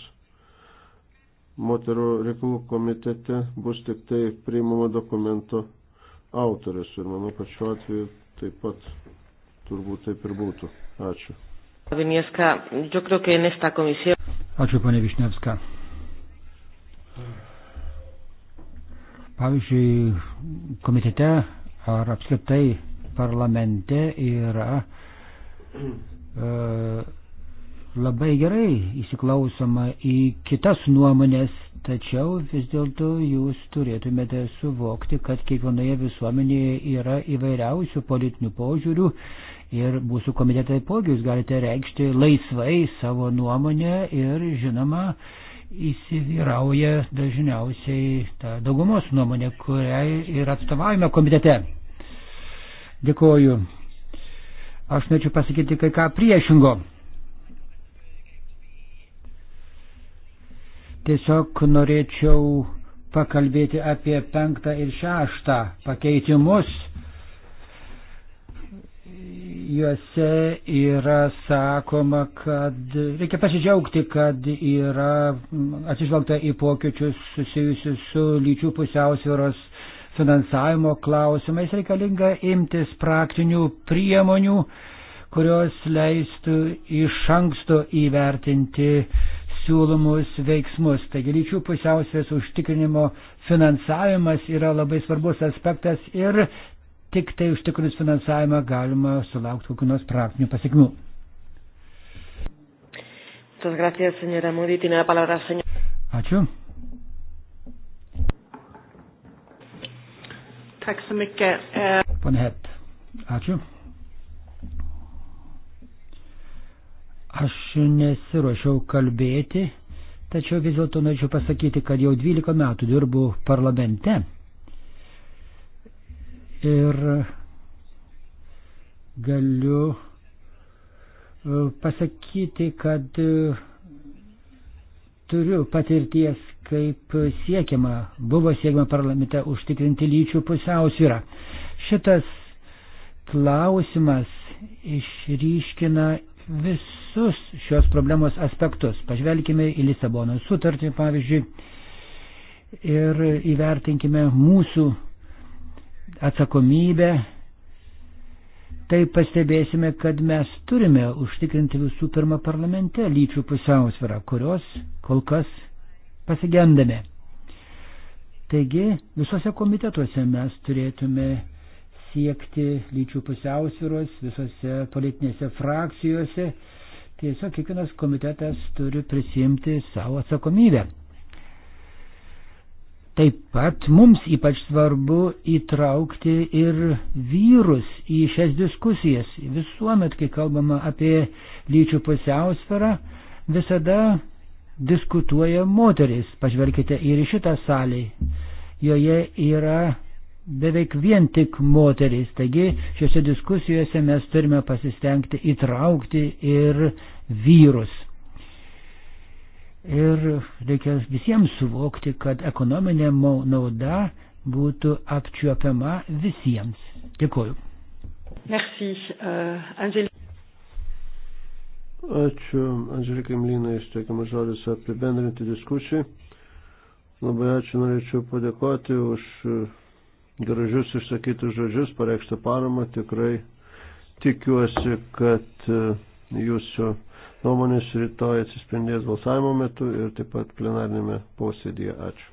moterų reikalų komitete bus tik tai priimama dokumento autoris ir manau, kad šiuo atveju taip pat turbūt taip ir būtų. Ačiū. Ačiū, ponė Višnevska. Pavyzdžiui, komitete ar apskritai parlamente yra uh, labai gerai įsiklausoma į kitas nuomonės, tačiau vis dėlto jūs turėtumėte suvokti, kad kiekvienoje visuomenėje yra įvairiausių politinių požiūrių ir mūsų komitetai pogi jūs galite reikšti laisvai savo nuomonę ir žinoma įsivyrauja dažniausiai ta daugumos nuomonė, kuriai ir atstovaujame komitete. Dėkuoju. Aš norėčiau pasakyti kai ką priešingo. Tiesiog norėčiau pakalbėti apie penktą ir šeštą pakeitimus. Juose yra sakoma, kad reikia pasidžiaugti, kad yra atsižvelgta į pokyčius susijusius su lyčių pusiausvėros finansavimo klausimais. Reikalinga imtis praktinių priemonių, kurios leistų iš anksto įvertinti uh, siūlomus veiksmus. Taigi lyčių pusiausvės užtikrinimo finansavimas yra labai svarbus aspektas ir tik tai užtikrinus finansavimą galima sulaukti kokių nors praktinių pasiekmių. Ačiū. Tack så mycket. Eh, På en het. Ačiū. Aš nesiuošiau kalbėti, tačiau vis dėlto norėčiau pasakyti, kad jau 12 metų dirbu parlamente. Ir galiu e, pasakyti, kad e, turiu patirties, kaip siekiama, buvo siekiama parlamente užtikrinti lyčių pusiausvyrą. Šitas klausimas išryškina visus šios problemos aspektus. Pažvelkime į Lisabono sutartį, pavyzdžiui, ir įvertinkime mūsų atsakomybę. Tai pastebėsime, kad mes turime užtikrinti visų pirma parlamente lyčių pusiausvyrą, kurios kol kas pasigendame. Taigi visose komitetuose mes turėtume siekti lyčių pusiausvyros visose politinėse frakcijose. Tiesiog kiekvienas komitetas turi prisimti savo atsakomybę. Taip pat mums ypač svarbu įtraukti ir vyrus į šias diskusijas. Visuomet, kai kalbama apie lyčių pusiausvyrą, visada diskutuoja moteris. Pažvelkite ir į šitą salę. Joje yra beveik vien tik moterys. Taigi šiuose diskusijose mes turime pasistengti įtraukti ir vyrus. Ir reikia visiems suvokti, kad ekonominė nauda būtų apčiuopiama visiems. Dėkuoju. Merci, uh, Angel... Ačiū, Andželika Imlina, išteikiamas žodis apibendrinti diskusijai. Labai ačiū, norėčiau padėkoti už gražius išsakytus žodžius, pareikštą paramą. Tikrai tikiuosi, kad e, jūsų nuomonės rytoj atsispindės balsavimo metu ir taip pat plenarnėme posėdėje. Ačiū.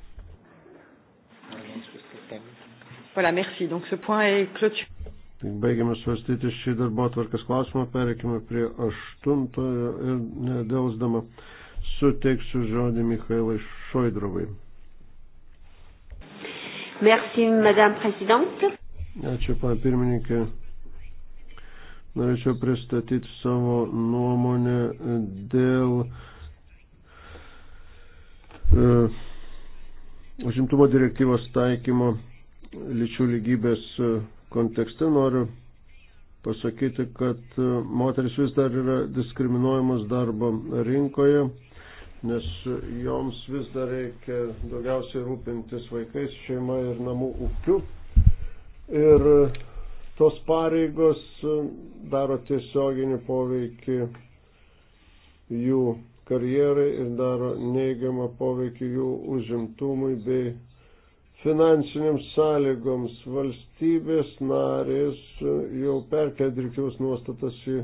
Voilà, merci. Donc ce point est clôturé. Baigiame svarstyti šį darbo atvarkės klausimą, pereikime prie aštuntojo ir nedelsdama suteiksiu žodį Mikhailai Šoidrovai. Merci, Madame Presidente. Ačiū, pana pirmininkė. Norėčiau pristatyti savo nuomonę dėl e, užimtumo e, direktyvos taikymo lyčių lygybės e, kontekste. Noriu pasakyti, kad e, moteris vis dar yra diskriminuojamos darbo rinkoje nes joms vis dar reikia daugiausiai rūpintis vaikais, šeima ir namų ūkiu. Ir tos pareigos daro tiesioginį poveikį jų karjerai ir daro neigiamą poveikį jų užimtumui bei finansiniams sąlygoms. Valstybės narės jau perkelia direktyvos nuostatas į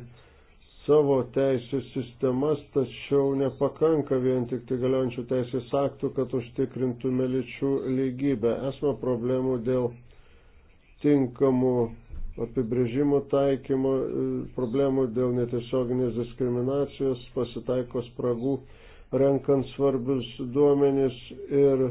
savo teisės sistemas, tačiau nepakanka vien tik tai galiojančių teisės aktų, kad užtikrintume lyčių lygybę. Esame problemų dėl tinkamų apibrėžimų taikymo, problemų dėl netiesioginės diskriminacijos, pasitaiko spragų renkant svarbius duomenis ir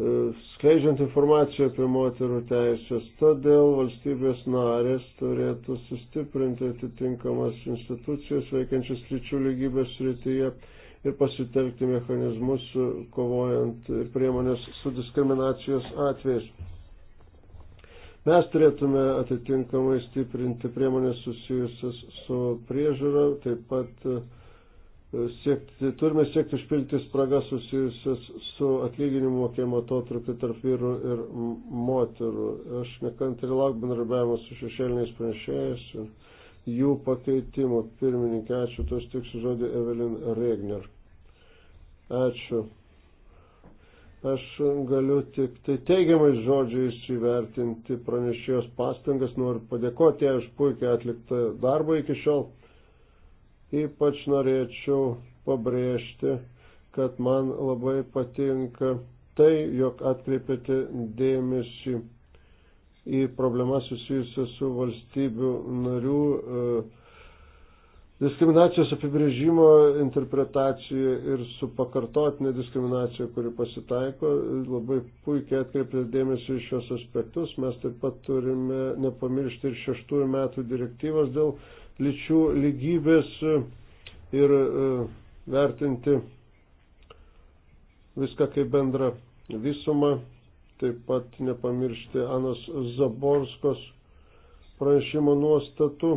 E, skleidžiant informaciją apie moterų teisės. Todėl valstybės narės turėtų sustiprinti atitinkamas institucijas veikiančias lyčių lygybės srityje ir pasitelkti mechanizmus kovojant ir priemonės su diskriminacijos atvejais. Mes turėtume atitinkamai stiprinti priemonės susijusias su priežiūra, taip pat uh, siekti, turime siekti užpildyti spragas susijusias su atlyginimu mokėjimo atotrupiu tarp vyrų ir moterų. Aš nekantri lauk bendradarbiavimo su šešėliniais pranešėjais ir jų pakeitimu. Pirmininkė, ačiū, tos tik su žodį Evelin Regner. Ačiū. Aš galiu tik tai teigiamais žodžiais įvertinti pranešėjos pastangas, noriu padėkoti už puikiai atliktą darbą iki šiol Ypač norėčiau pabrėžti, kad man labai patinka tai, jog atkreipėte dėmesį į problemas susijusias su valstybių narių e, diskriminacijos apibrėžimo interpretacija ir su pakartotinė diskriminacija, kuri pasitaiko. Labai puikiai atkreipė dėmesį į šios aspektus. Mes taip pat turime nepamiršti ir šeštųjų metų direktyvos dėl lyčių lygybės e, ir e, vertinti viską kaip bendrą visumą. Taip pat nepamiršti Anos Zaborskos pranešimo nuostatų.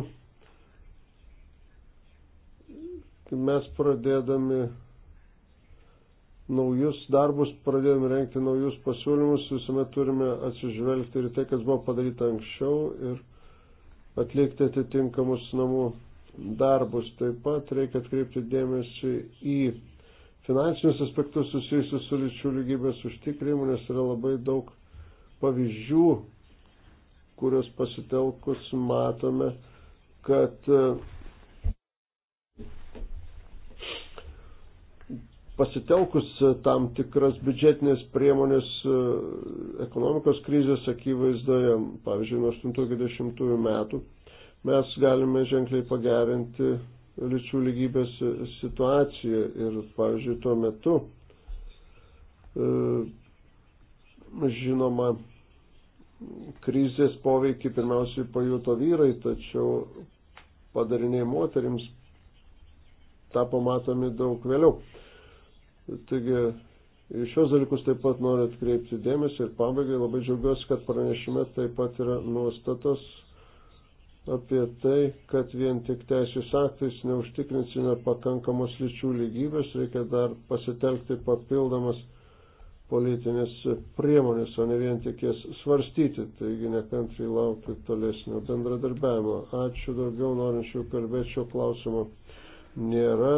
Mes pradėdami naujus darbus, pradėjome renkti naujus pasiūlymus, visuomet turime atsižvelgti ir tai, kas buvo padaryta anksčiau ir atlikti atitinkamus namų darbus. Taip pat reikia atkreipti dėmesį į finansinius aspektus susijusius su lyčių lygybės užtikrimu, nes yra labai daug pavyzdžių, kurios pasitelkus matome, kad pasitelkus e, tam tikras biudžetinės priemonės e, ekonomikos krizės akivaizdoje, pavyzdžiui, nuo 80-20 metų, mes galime ženkliai pagerinti lyčių lygybės e, situaciją ir, pavyzdžiui, tuo metu, žinoma, krizės poveikį pirmiausiai pajuto vyrai, tačiau padariniai moterims tapo matomi daug vėliau. Taigi, šios dalykus taip pat noriu atkreipti dėmesį ir pabaigai labai džiaugiuosi, kad pranešime taip pat yra nuostatos apie tai, kad vien tik teisės aktais neužtikrinsime pakankamos lyčių lygybės, reikia dar pasitelkti papildomas politinės priemonės, o ne vien tik jas svarstyti. Taigi nekantriai laukiu tolesnio bendradarbiavimo. Ačiū daugiau norinčių kalbėti šio klausimo. Nėra.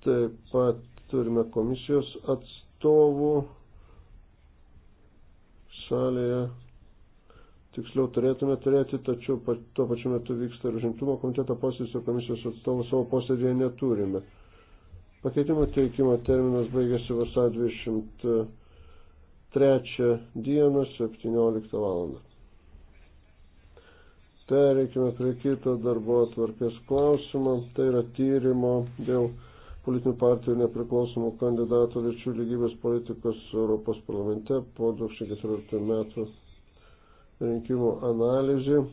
Taip pat turime komisijos atstovų salėje. Tiksliau turėtume turėti, tačiau tuo pačiu metu vyksta ir žimtumo komiteto posėdis, o komisijos atstovų savo posėdėje neturime. Pakeitimo teikimo terminas baigėsi vasario 23 dieną 17 val. Pereikime prie kito darbo atvarkės klausimo, tai yra tyrimo dėl politinių partijų nepriklausomų kandidatų lyčių lygybės politikos Europos parlamente po 2014 metų rinkimų analizė.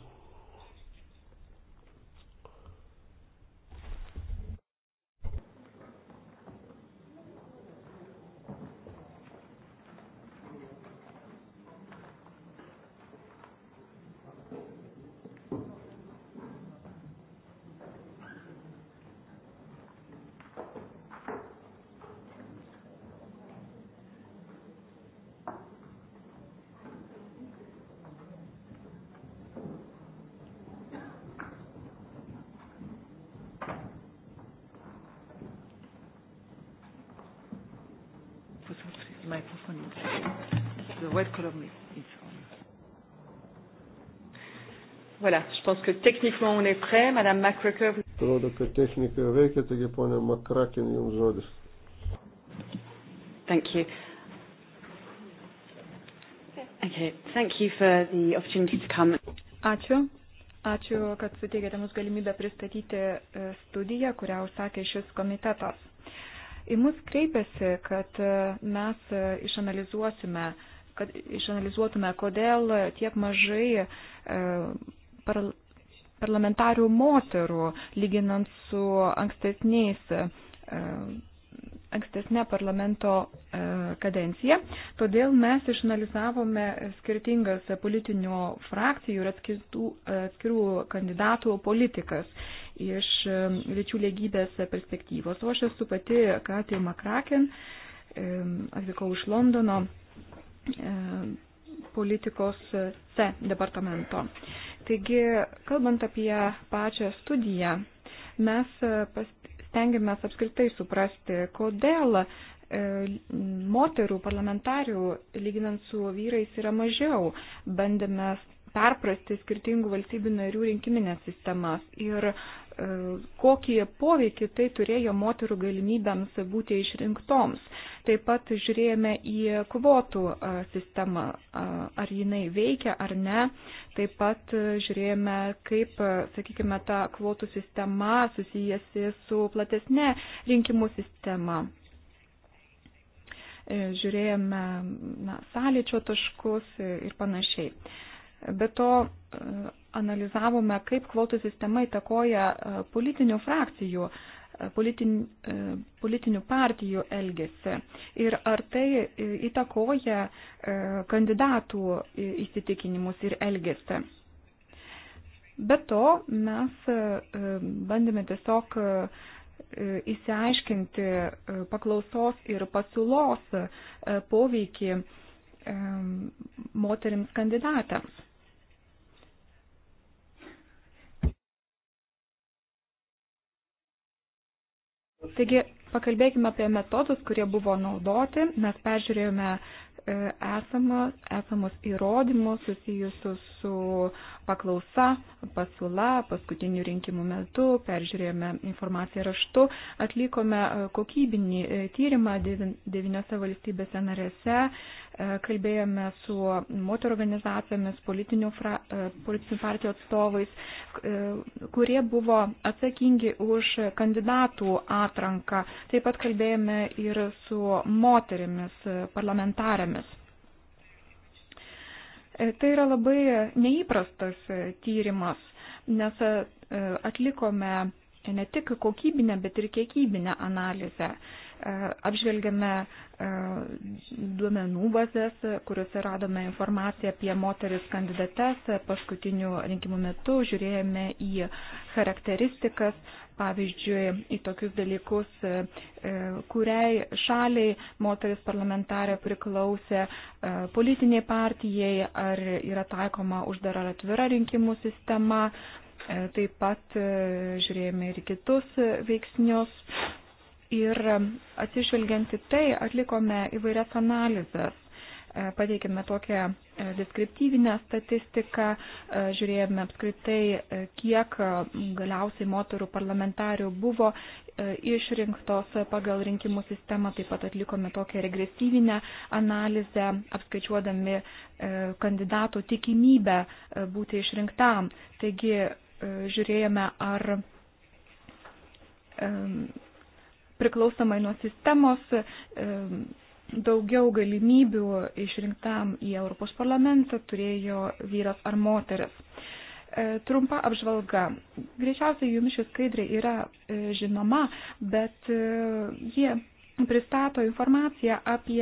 que techniquement on est prêt. Madame McCracker. Vous... Atrodo, kad technika veikia, taigi ponia McCracken jums žodis. Thank you. Okay, thank you for the opportunity to come. Ačiū. Ačiū, kad suteikėte mums galimybę pristatyti e, studiją, kurią užsakė šis komitetas. Į mus kreipėsi, kad e, mes e, išanalizuosime, kad išanalizuotume, kodėl tiek mažai par, parlamentarių moterų, lyginant su ankstesniais e, ankstesnė parlamento e, kadencija. Todėl mes išanalizavome skirtingas politinių frakcijų ir atskirtų, e, atskirų kandidatų politikas iš lyčių lygybės perspektyvos. O aš esu pati Katė Makraken, atvykau iš Londono politikos C departamento. Taigi, kalbant apie pačią studiją, mes e, stengiamės apskritai suprasti, kodėl e, moterų parlamentarių, lyginant su vyrais, yra mažiau. Bandėme perprasti skirtingų valstybių narių rinkiminės sistemas ir kokį poveikį tai turėjo moterų galimybėms būti išrinktoms. Taip pat žiūrėjome į kvotų sistemą, ar jinai veikia ar ne. Taip pat žiūrėjome, kaip, sakykime, ta kvotų sistema susijęsi su platesnė rinkimų sistema. E, žiūrėjome na, sąlyčio taškus ir panašiai. Be to, analizavome, kaip kvotų sistema įtakoja e, politinių frakcijų, e, politin, e, politinių partijų elgesį ir ar tai įtakoja kandidatų įsitikinimus ir elgesį. Be to, mes bandėme tiesiog įsiaiškinti paklausos ir pasiūlos poveikį moteriams kandidatams. Taigi, pakalbėkime apie metodus, kurie buvo naudoti. Mes peržiūrėjome e, esamas, esamus įrodymus susijusius su paklausa, pasiūla paskutinių rinkimų metu, peržiūrėjome informaciją raštu, atlikome e, kokybinį e, tyrimą devyniose valstybėse narėse, e, kalbėjome su moterų organizacijomis, politinių, fra, politinių partijų atstovais, kurie buvo atsakingi už kandidatų atranką. Taip pat kalbėjome ir su moterimis parlamentarėmis. E, tai yra labai neįprastas e, tyrimas, nes e, atlikome ne tik kokybinę, bet ir kiekybinę analizę. Apžvelgiame duomenų bazės, kuriuose radome informaciją apie moteris kandidates paskutinių rinkimų metu, žiūrėjome į charakteristikas, pavyzdžiui, į tokius dalykus, e, e, kuriai šaliai moteris parlamentarė priklausė e, politiniai partijai, ar yra taikoma uždara ar atvira rinkimų sistema. Taip pat žiūrėjome ir kitus veiksnius. Ir atsižvelgianti tai atlikome įvairias analizės E, pateikėme tokią e, deskriptyvinę statistiką, e, žiūrėjome apskritai, kiek galiausiai moterų parlamentarių buvo išrinktos pagal rinkimų sistemą, taip pat atlikome tokią regresyvinę analizę, apskaičiuodami kandidatų tikimybę būti išrinktam. Taigi žiūrėjome, ar priklausomai nuo sistemos daugiau galimybių išrinktam į Europos parlamentą turėjo vyras ar moteris. E, trumpa apžvalga. Greičiausiai jums šis skaidrė yra e, žinoma, bet e, jie pristato informaciją apie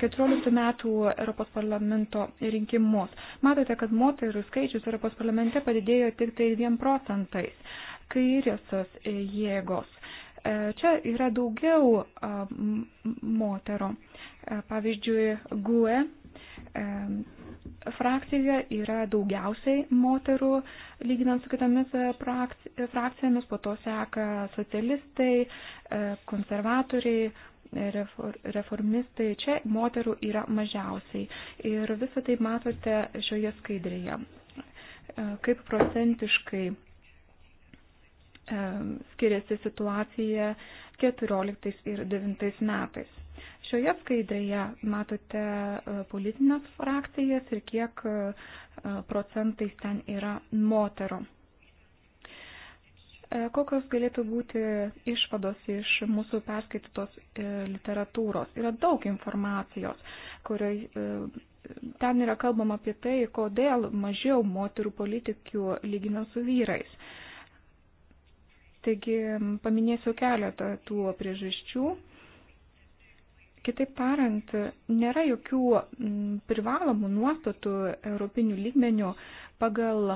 14 metų Europos parlamento rinkimus. Matote, kad moterų skaičius Europos parlamente padidėjo tik tai 2 procentais. Kairiosios jėgos E, čia yra daugiau moterų. E, pavyzdžiui, GUE e, frakcijoje yra daugiausiai moterų, lyginant su kitomis frakcijomis, po to seka socialistai, konservatoriai, reformistai, čia moterų yra mažiausiai. Ir visą tai matote šioje skaidrėje, kaip procentiškai skiriasi situacija 14 ir 9 metais. Šioje skaidrėje matote e, politinės frakcijas ir kiek e, procentais ten yra moterų. E, kokios galėtų būti išvados iš mūsų perskaitytos literatūros? Yra daug informacijos, kurioj ten yra kalbama apie tai, kodėl mažiau moterų politikių lyginant su vyrais. Taigi paminėsiu keletą tų priežasčių. Kitaip tariant, nėra jokių privalomų nuostatų europinių lygmenių, pagal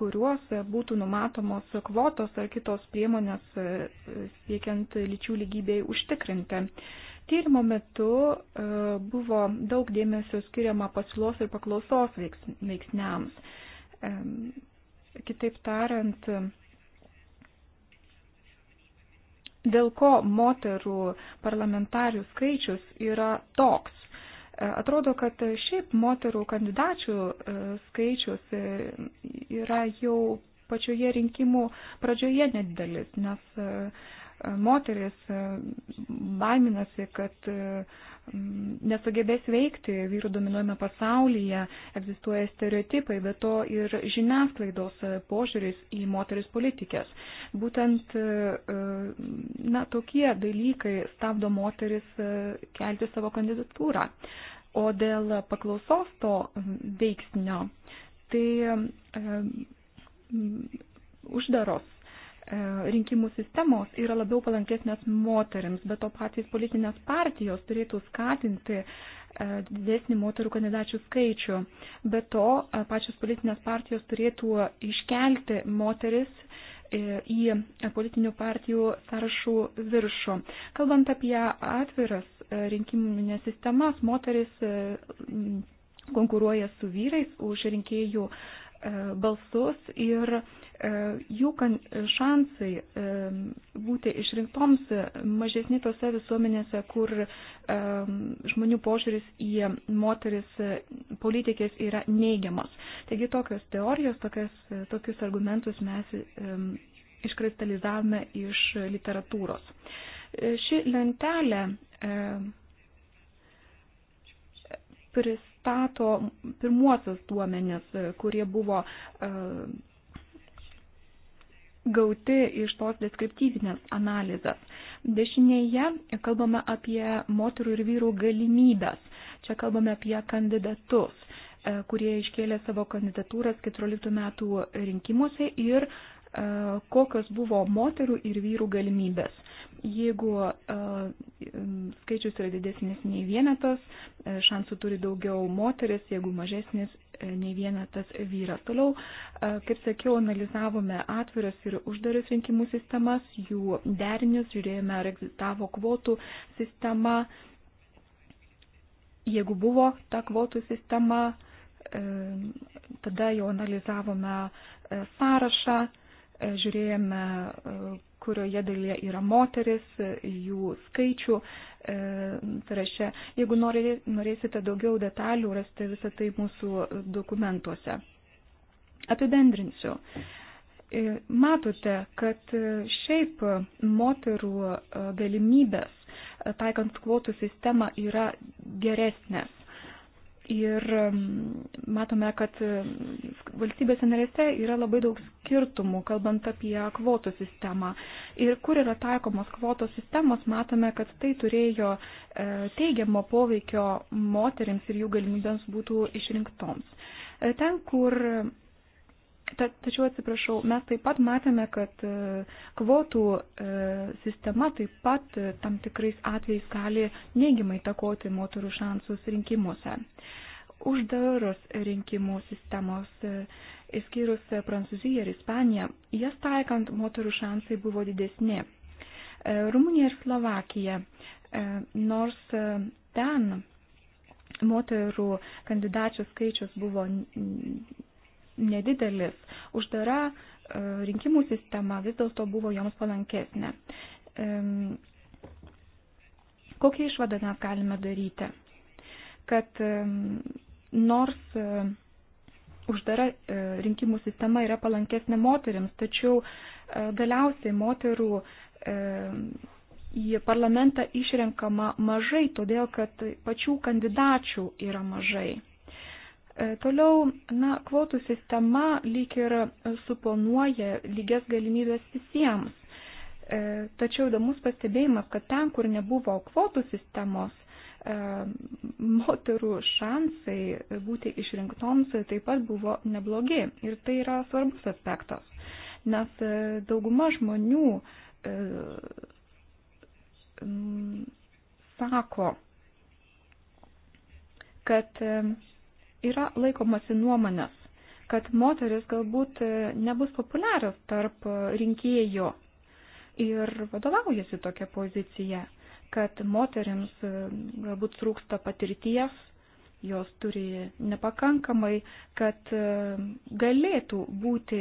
kuriuos būtų numatomos kvotos ar kitos priemonės e, siekiant lyčių lygybėjai užtikrinti. Tyrimo metu e, buvo daug dėmesio skiriama pasiūlos ir paklausos veiksniams. Kitaip tariant, dėl ko moterų parlamentarių skaičius yra toks. E, atrodo, kad šiaip moterų kandidačių e, skaičius e, yra jau pačioje rinkimų pradžioje nedidelis, nes moteris e, baiminasi, kad e, nesugebės veikti vyrų dominuojame pasaulyje, egzistuoja stereotipai, bet to ir žiniasklaidos požiūris į moteris politikės. Būtent e, na, tokie dalykai stabdo moteris kelti savo kandidatūrą. O dėl paklausos to veiksnio, tai uždaros E, rinkimų sistemos yra labiau palankesnės moteriams, bet to patys politinės partijos turėtų skatinti e, didesnį moterų kandidačių skaičių. Be to, e, pačios politinės partijos turėtų iškelti moteris į politinių partijų sąrašų viršų. Kalbant apie atviras rinkiminės sistemas, moteris konkuruoja su vyrais už rinkėjų uh, E, balsus ir e, jų šansai e, būti išrinktoms mažesni tose visuomenėse, kur žmonių požiūris į moteris politikės yra neigiamas. Taigi tokios teorijos, tokias, tokius argumentus mes iškristalizavome iš literatūros. Ši lentelė pristatė nustato pirmuosius duomenis, kurie buvo e, gauti iš tos deskriptyvinės analizės. Dešinėje kalbame apie moterų ir vyrų galimybės. Čia kalbame apie kandidatus, e, kurie iškėlė savo kandidatūras 14 metų rinkimuose ir e, kokios buvo moterų ir vyrų galimybės. Jeigu e, skaičius yra didesnis nei vienetas, e, šansų turi daugiau moteris, jeigu mažesnis e, nei vienetas vyras. Toliau, kaip sakiau, analizavome atviras ir uždaras rinkimų sistemas, jų derinius, žiūrėjome, ar egzistavo kvotų sistema. Jeigu buvo ta kvotų sistema, tada jau analizavome sąrašą, žiūrėjome, kurioje dalyje yra moteris, jų skaičių sąraše. Tai jeigu norėsite daugiau detalių, rasite visą tai mūsų dokumentuose. Apibendrinsiu. E, matote, kad šiaip moterų e, galimybės taikant kvotų sistemą yra geresnės Ir um, matome, kad um, valstybėse narėse yra labai daug skirtumų, kalbant apie kvotų sistemą. Ir kur yra taikomos kvotos sistemos, matome, kad tai turėjo e, teigiamo poveikio moteriams ir jų galimybėms būtų išrinktoms. E, ten, kur Tačiau atsiprašau, mes taip pat matėme, kad e, kvotų e, sistema taip pat e, tam tikrais atvejais gali neigiamai takoti moterų šansus rinkimuose. Uždaros rinkimų sistemos, įskyrus Prancūziją ir Ispaniją, jas taikant moterų šansai buvo didesni. Rumunija ir Slovakija, nors ten moterų kandidačių skaičius buvo nedidelis. Uždara e, rinkimų sistema vis dėlto buvo joms palankesnė. Kokią išvadą mes galime daryti? Kad nors e, uždara e, rinkimų sistema yra palankesnė moteriams, tačiau galiausiai moterų į parlamentą išrenkama mažai, todėl kad pačių kandidačių yra mažai. E, toliau, na, kvotų sistema lyg ir suponuoja lygias galimybės visiems. E, tačiau įdomus pastebėjimas, kad ten, kur nebuvo kvotų sistemos, e, moterų šansai būti išrinktoms taip pat buvo neblogi. Ir tai yra svarbus aspektas, nes dauguma žmonių sako, kad yra laikomasi nuomonės, kad moteris galbūt e, nebus populiarios tarp e, rinkėjų ir vadovaujasi tokia pozicija, kad moteriams e, galbūt trūksta patirties, jos turi nepakankamai, kad galėtų būti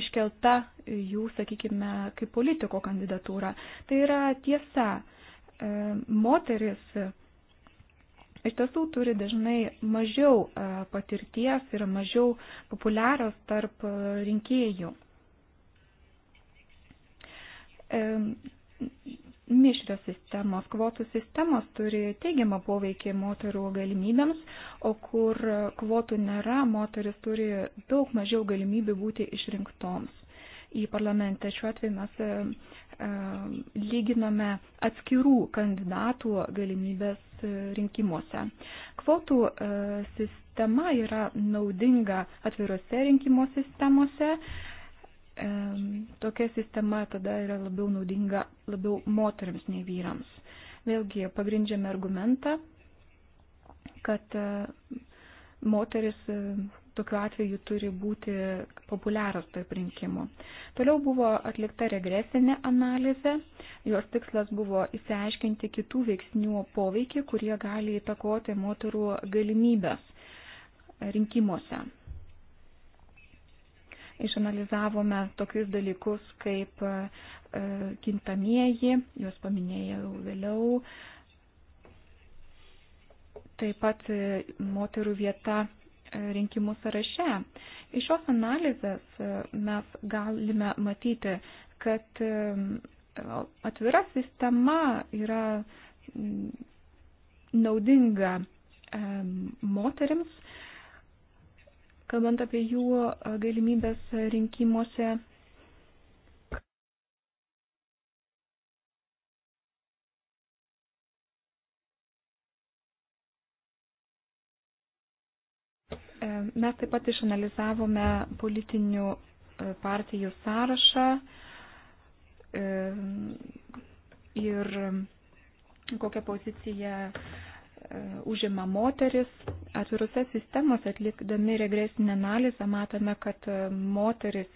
iškelta jų, sakykime, kaip politiko kandidatūra. Tai yra tiesa, moteris iš tiesų turi dažnai mažiau e, patirties ir mažiau populiarios tarp e, rinkėjų. E, mišrios sistemos, kvotų sistemos turi teigiamą poveikį moterų galimybėms, o kur kvotų nėra, moteris turi daug mažiau galimybių būti išrinktoms į parlamentą. Šiuo atveju mes e, e, lyginame atskirų kandidatų galimybės e, rinkimuose. Kvotų sistema yra naudinga atvirose rinkimo sistemose. Tokia sistema tada yra labiau naudinga labiau moteriams nei vyrams. Vėlgi pagrindžiame argumentą, kad moteris tokiu atveju turi būti populiarus tarp rinkimų. Toliau buvo atlikta regresinė analizė, jos tikslas buvo įsiaiškinti kitų veiksnių poveikį, kurie gali įtakoti moterų galimybės rinkimuose. Išanalizavome tokius dalykus kaip e, kintamieji, juos paminėjau vėliau, taip pat e, moterų vieta rinkimų sąraše. Iš šios analizės e, mes galime matyti, kad e, atvira sistema yra mm, naudinga e, moteriams, kalbant apie jų galimybės rinkimuose Mes taip pat išanalizavome politinių e, partijų sąrašą e, ir kokią poziciją e, užima moteris. Atvirose sistemose atlikdami regresinę analizą matome, kad moteris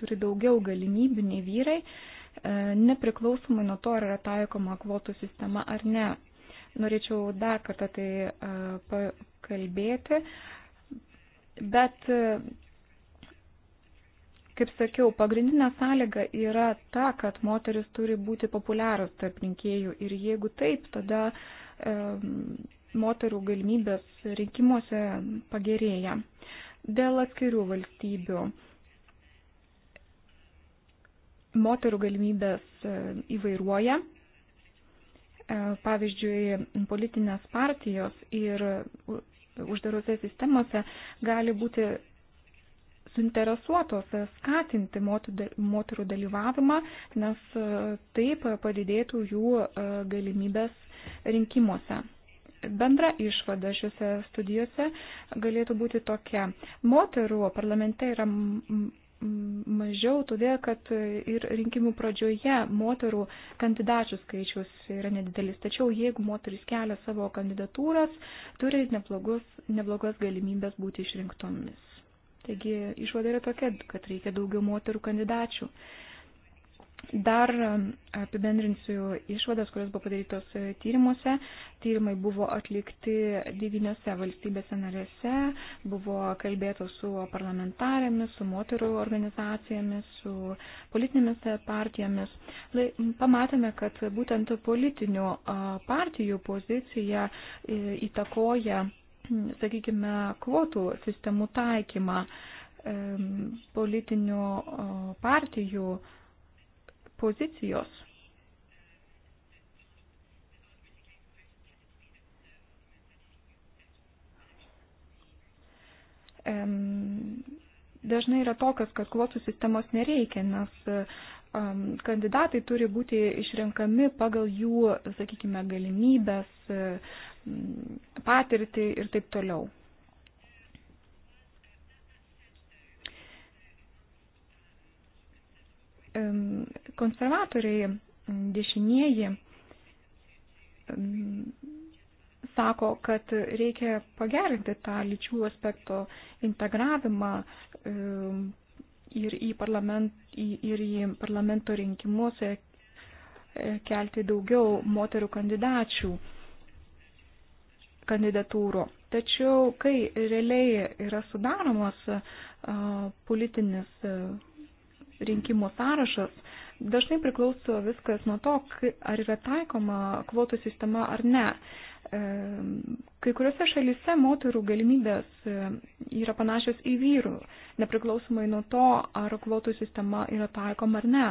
turi daugiau galimybių nei vyrai, nepriklausomai nuo to, ar yra taikoma kvotų sistema ar ne. Norėčiau dar kartą tai pakalbėti. Uh, Bet, kaip sakiau, pagrindinė sąlyga yra ta, kad moteris turi būti populiarios tarp rinkėjų ir jeigu taip, tada e, moterų galimybės rinkimuose pagerėja. Dėl atskirių valstybių moterų galimybės e, įvairuoja. E, pavyzdžiui, politinės partijos ir uždarose sistemose gali būti suinteresuotos skatinti moterų dalyvavimą, nes e, taip padidėtų jų e, galimybės rinkimuose. Bendra išvada šiuose studijose galėtų būti tokia. Moterų parlamente yra mažiau, todėl kad ir rinkimų pradžioje moterų kandidačių skaičius yra nedidelis. Tačiau jeigu moteris kelia savo kandidatūras, turi neblogos, neblogas galimybės būti išrinktomis. Taigi išvada yra tokia, kad reikia daugiau moterų kandidačių. Dar apibendrinsiu išvadas, kurios buvo padarytos e, tyrimuose. Tyrimai buvo atlikti devyniose valstybėse narėse, buvo kalbėta su parlamentarėmis, su moterų organizacijomis, su politinėmis e, partijomis. Pamatėme, kad būtent politinių partijų pozicija e, įtakoja, sakykime, kvotų sistemų taikymą politinių partijų pozicijos. Dažnai yra tokas, kad kvotų sistemos nereikia, nes kandidatai turi būti išrenkami pagal jų, sakykime, galimybės, patirtį ir taip toliau konservatoriai, dešinieji sako, kad reikia pagerinti tą lyčių aspekto integravimą um, ir į, parlament, ir į parlamento rinkimus e, e, kelti daugiau moterų kandidačių kandidatūrų. Tačiau, kai realiai yra sudaromas politinis rinkimų sąrašas, Dažnai priklauso viskas nuo to, ar yra taikoma kvotų sistema ar ne. Kai kuriuose šalyse moterų galimybės e, yra panašios į vyrų, nepriklausomai nuo to, ar kvotų sistema yra taikoma ar ne.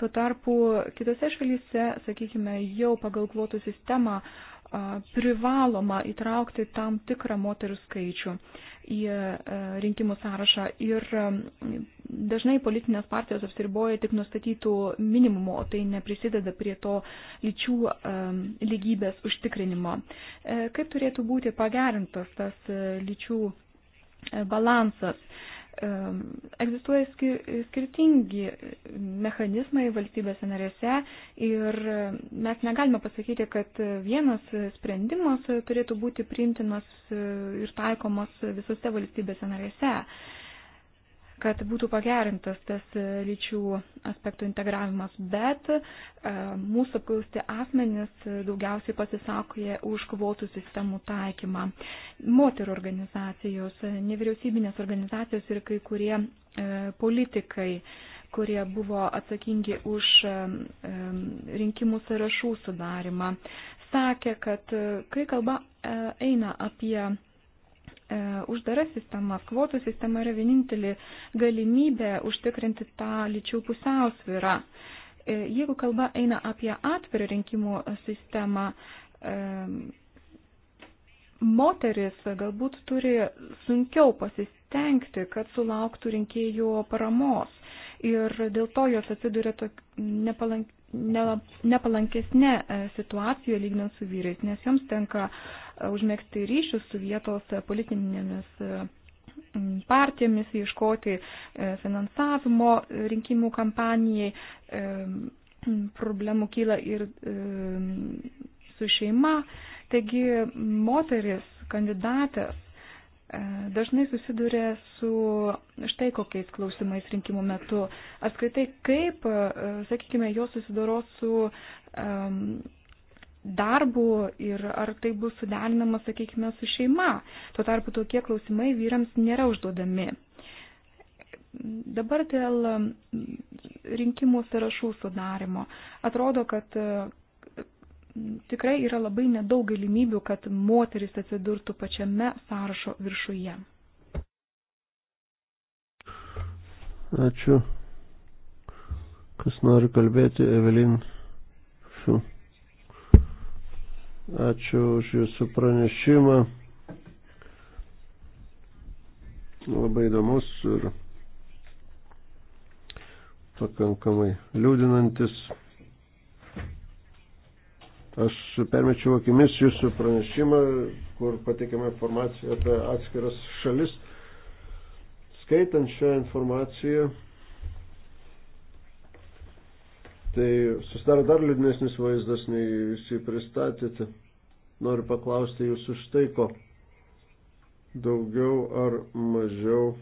Tuo tarpu kitose šalyse, sakykime, jau pagal kvotų sistemą privaloma įtraukti tam tikrą moterų skaičių į e, rinkimų sąrašą ir e, dažnai politinės partijos apsiriboja tik nustatytų minimumo, o tai neprisideda prie to lyčių e, lygybės užtikrinimo. Kaip turėtų būti pagerintas tas lyčių balansas? egzistuoja skirtingi mechanizmai valstybėse narėse ir mes negalime pasakyti, kad vienas sprendimas turėtų būti priimtinas ir taikomas visose valstybėse narėse kad būtų pagerintas tas e, lyčių aspektų integravimas, bet e, mūsų apklausti asmenys daugiausiai pasisakoja už kvotų sistemų taikymą. Moterų organizacijos, e, nevyriausybinės organizacijos ir kai kurie politikai kurie buvo atsakingi už rinkimų sąrašų sudarimą, sakė, kad kai kalba eina apie E, uždara sistema, kvotų sistema yra vienintelė galimybė užtikrinti tą lyčių pusiausvyrą. E, jeigu kalba eina apie atvirą rinkimų sistemą, e, moteris galbūt turi sunkiau pasistengti, kad sulauktų rinkėjų paramos ir dėl to jos atsiduria nepalankesnė situacijoje lyginant su vyrais, nes joms tenka užmėgsti ryšius su vietos politinėmis mm, partijomis, ieškoti e, finansavimo rinkimų kampanijai. E, mm, problemų kyla ir e, mm, su šeima. Taigi moteris, kandidatės dažnai susiduria su štai kokiais klausimais rinkimų metu. Apskritai, kaip, sakykime, jos susidoros su um, darbu ir ar tai bus suderinama, sakykime, su šeima. Tuo tarpu tokie klausimai vyrams nėra užduodami. Dabar dėl rinkimų sąrašų sudarimo. Atrodo, kad tikrai yra labai nedaug galimybių, kad moteris atsidurtų pačiame sąrašo viršuje. Ačiū. Kas nori kalbėti, Evelin Fiu. Ačiū už Jūsų pranešimą. Labai įdomus ir pakankamai liūdinantis. Aš permečiau akimis jūsų pranešimą, kur pateikiama informacija apie atskiras šalis. Skaitant šią informaciją, tai susidaro dar liūdnesnis vaizdas, nei jūs jį pristatėte. Noriu paklausti jūsų štai ko. Daugiau ar mažiau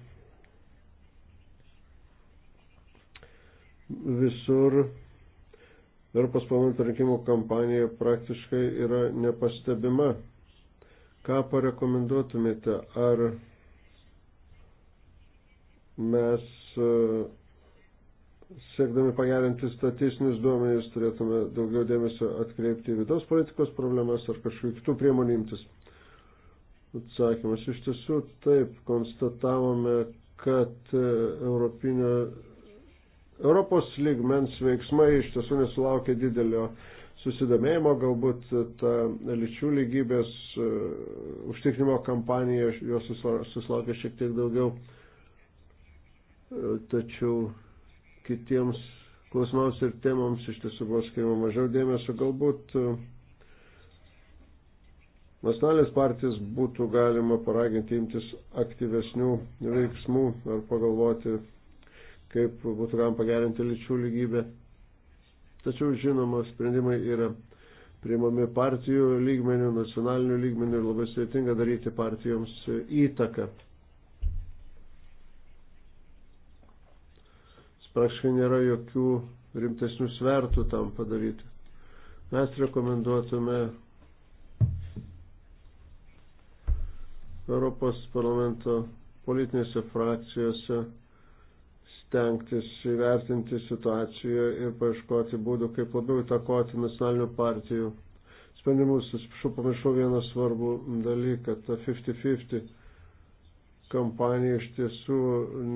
visur Europos parlamento rinkimų kampanija praktiškai yra nepastebima. Ką parekomenduotumėte, ar mes siekdami pagerinti statistinius duomenys, turėtume daugiau dėmesio atkreipti į vidaus politikos problemas ar kažkokių kitų priemonių imtis. Atsakymas iš tiesų taip, konstatavome, kad e, Europinio, Europos lygmens veiksmai iš tiesų nesulaukia didelio susidomėjimo, galbūt e, ta lyčių lygybės e, užtikrinimo kampanija jos susilaukia šiek tiek daugiau, tačiau kitiems klausimams ir temams iš tiesų buvo skirima mažiau dėmesio. Galbūt e, nacionalinės partijas būtų galima paraginti imtis aktyvesnių veiksmų ar pagalvoti, kaip būtų galima pagerinti lyčių lygybę. Tačiau, žinoma, sprendimai yra priimami partijų lygmenių, nacionalinių lygmenių ir labai sveitinga daryti partijoms įtaką. praktiškai nėra jokių rimtesnių svertų tam padaryti. Mes rekomenduotume Europos parlamento politinėse frakcijose stengtis įvertinti situaciją ir paieškoti būdų, kaip labiau įtakoti nacionalinių partijų sprendimus. Aš pamiršau vieną svarbų dalyką, tą 50-50 kampanija iš tiesų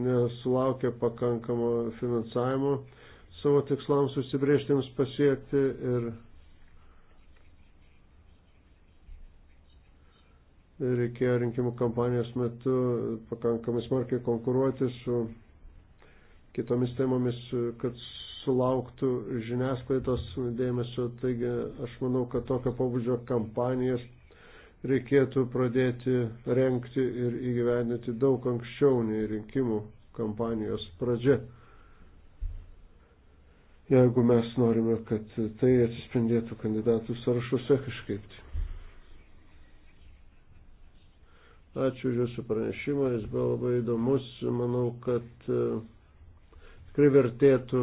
nesulaukia pakankamo finansavimo savo tikslams susibriežtiems pasiekti ir reikėjo rinkimų kampanijos metu pakankamai smarkiai konkuruoti su kitomis temomis, kad sulauktų žiniasklaidos dėmesio. Taigi aš manau, kad tokio pobūdžio kampanijas reikėtų pradėti renkti ir įgyvendinti daug anksčiau nei rinkimų kampanijos pradžia. Jeigu mes norime, kad tai atsispindėtų kandidatų sąrašuose kažkaip. Tai. Ačiū už Jūsų pranešimą, jis buvo labai įdomus. Manau, kad e, tikrai vertėtų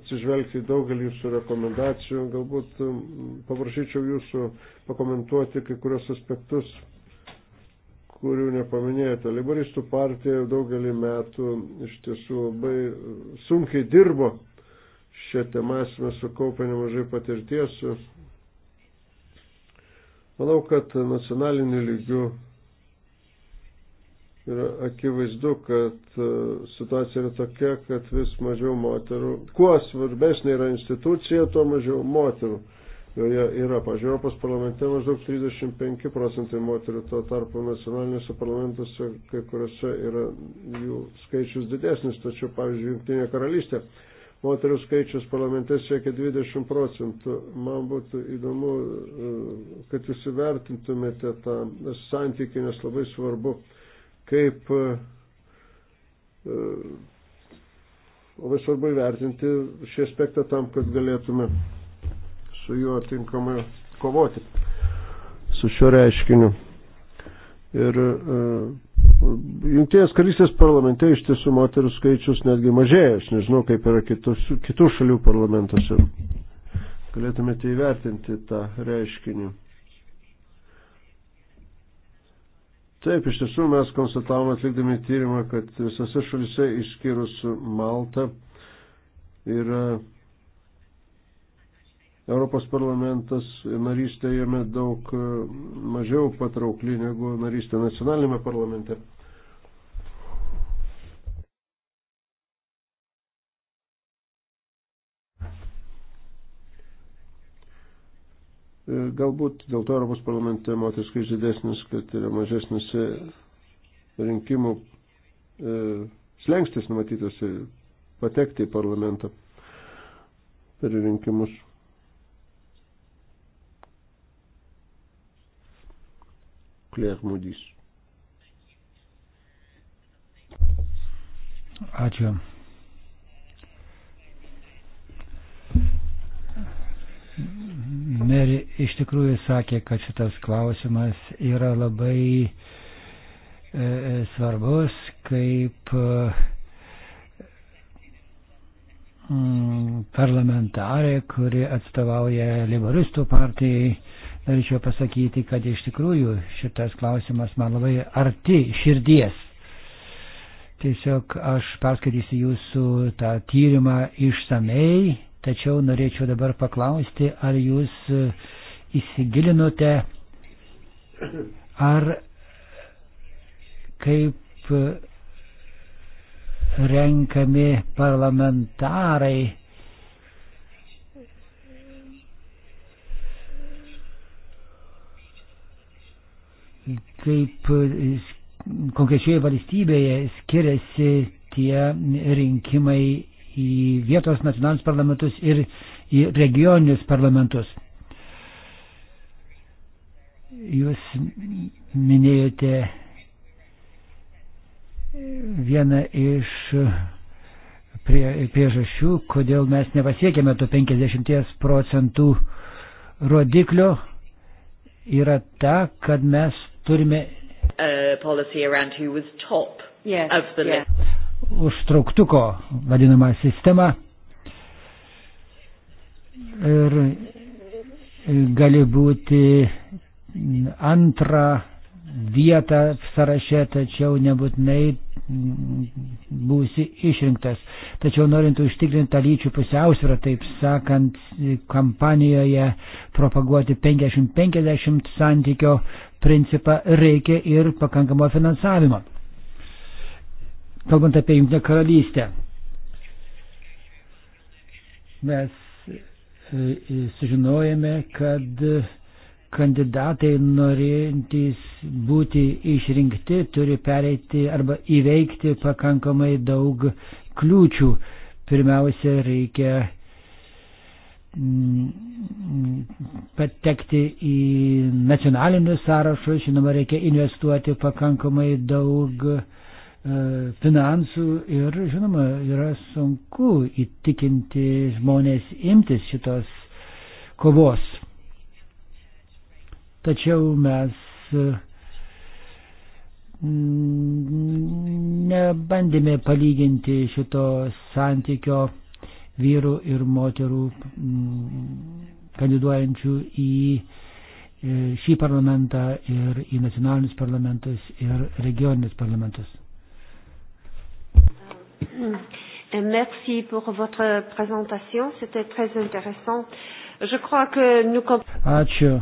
atsižvelgti į daugelį jūsų rekomendacijų. Galbūt paprašyčiau jūsų pakomentuoti kai kurios aspektus, kurių nepaminėjote. Liberistų partija daugelį metų iš tiesų labai e, sunkiai dirbo šią temą, esame sukaupę nemažai patirties. Manau, kad nacionaliniu lygiu yra akivaizdu, kad e, situacija yra tokia, kad vis mažiau moterų, kuo svarbesnė yra institucija, tuo mažiau moterų. Joje yra, pažiūrėjau, Europos parlamente maždaug 35 procentai moterų, tuo tarpu nacionaliniuose parlamentuose kai kuriuose yra jų skaičius didesnis, tačiau, pavyzdžiui, Junktinė karalystė moterų skaičius parlamente siekia 20 procentų. Man būtų įdomu, e, kad jūs įvertintumėte tą santykį, nes labai svarbu kaip e, e, labai svarbu įvertinti šį aspektą tam, kad galėtume su juo tinkamai kovoti, su šiuo reiškiniu. Ir e, Junktinės karystės parlamente iš tiesų moterų skaičius netgi mažėja, aš nežinau, kaip yra kitus, kitų šalių parlamentuose. Galėtumėte įvertinti tą reiškinį. Taip, iš tiesų mes konstatavome atlikdami tyrimą, kad visose šalise išskyrus Maltą yra Europos parlamentas narystė jame daug mažiau patraukli negu narystė nacionalinėme parlamente. Galbūt dėl to Europos parlamente moteris skaičius didesnis, kad yra mažesnis rinkimų e, slengstis numatytas patekti į parlamentą per rinkimus. Claire Moody's. Ačiū. Meri iš tikrųjų sakė, kad šitas klausimas yra labai e, e svarbus, kaip e, mm, parlamentarė, kuri atstovauja liberistų partijai. Norėčiau pasakyti, kad iš tikrųjų šitas klausimas man labai arti širdies. Tiesiog aš perskaitysiu jūsų tą tyrimą išsamei Tačiau norėčiau dabar paklausti, ar jūs e, įsigilinote, ar kaip e, renkami parlamentarai kaip e, konkrečioje valstybėje skiriasi tie rinkimai į vietos nacionalinius parlamentus ir į regioninius parlamentus. Jūs minėjote vieną iš prie, priežasčių, kodėl mes nepasiekėme to 50 procentų rodiklio, yra ta, kad mes turime. Uh, užtrauktuko vadinamą sistemą. Ir gali būti antrą vietą sąraše, tačiau nebūtinai būsi išrinktas. Tačiau norint užtikrinti lyčių pusiausvyrą, taip sakant, kampanijoje propaguoti 50-50 santykio principą reikia ir pakankamo finansavimo kalbant apie Junktinę karalystę. Mes e, e, sužinojame, kad kandidatai norintys būti išrinkti turi pereiti arba įveikti pakankamai daug kliūčių. Pirmiausia, reikia mm, patekti į nacionalinius sąrašus, žinoma, reikia investuoti pakankamai daug uh, E, finansų ir, žinoma, yra sunku įtikinti žmonės imtis šitos kovos. Tačiau mes e, nebandėme palyginti šito santykio vyrų ir moterų mm, kandiduojančių į e, šį parlamentą ir į nacionalinius parlamentus ir regioninius parlamentus. Mm. Merci pour votre présentation, c'était très intéressant. Je crois que nous Ačiū.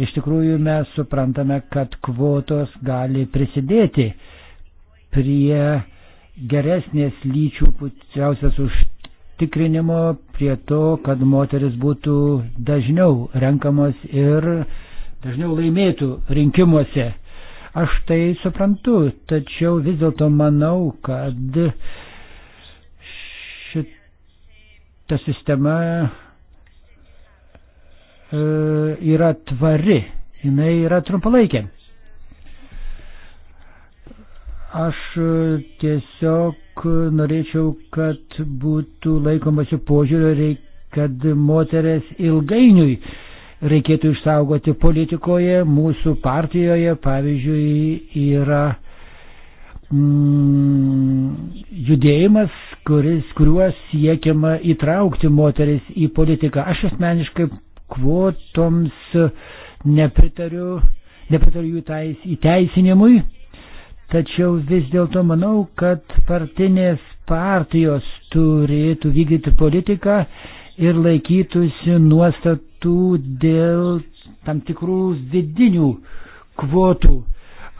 Iš tikrųjų mes suprantame, kad kvotos gali prisidėti prie geresnės lyčių pučiausias užtikrinimo, prie to, kad moteris būtų dažniau renkamos ir dažniau laimėtų rinkimuose. Aš tai suprantu, tačiau vis dėlto manau, kad šita sistema e, yra tvari, jinai yra trumpalaikė. Aš tiesiog norėčiau, kad būtų laikomasi požiūrio, kad moteris ilgainiui uh, reikėtų išsaugoti politikoje. Mūsų partijoje, pavyzdžiui, yra mm, judėjimas, kuris, kuriuo siekiama įtraukti moteris į politiką. Aš asmeniškai kvotoms nepritariu, nepritariu jų teis, įteisinimui, tačiau vis dėlto manau, kad partinės partijos turėtų vykdyti politiką ir laikytųsi nuostat, sutartų dėl tam tikrų vidinių kvotų.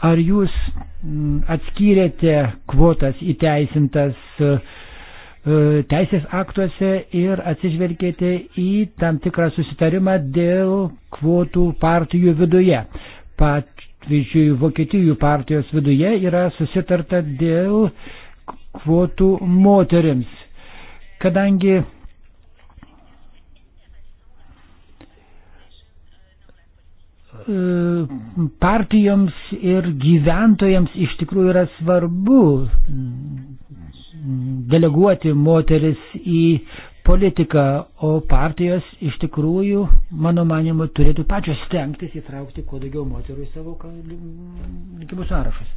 Ar jūs mm, atskyrėte kvotas įteisintas e, teisės aktuose ir atsižvelgėte į tam tikrą susitarimą dėl kvotų partijų viduje? Pavyzdžiui, Vokietijų partijos viduje yra susitarta dėl kvotų moterims. Kadangi E, partijoms ir gyventojams iš tikrųjų yra svarbu deleguoti moteris į politiką, o partijos iš tikrųjų, mano manimu, turėtų pačios stengtis įtraukti kuo daugiau moterų į savo rinkimų sąrašus.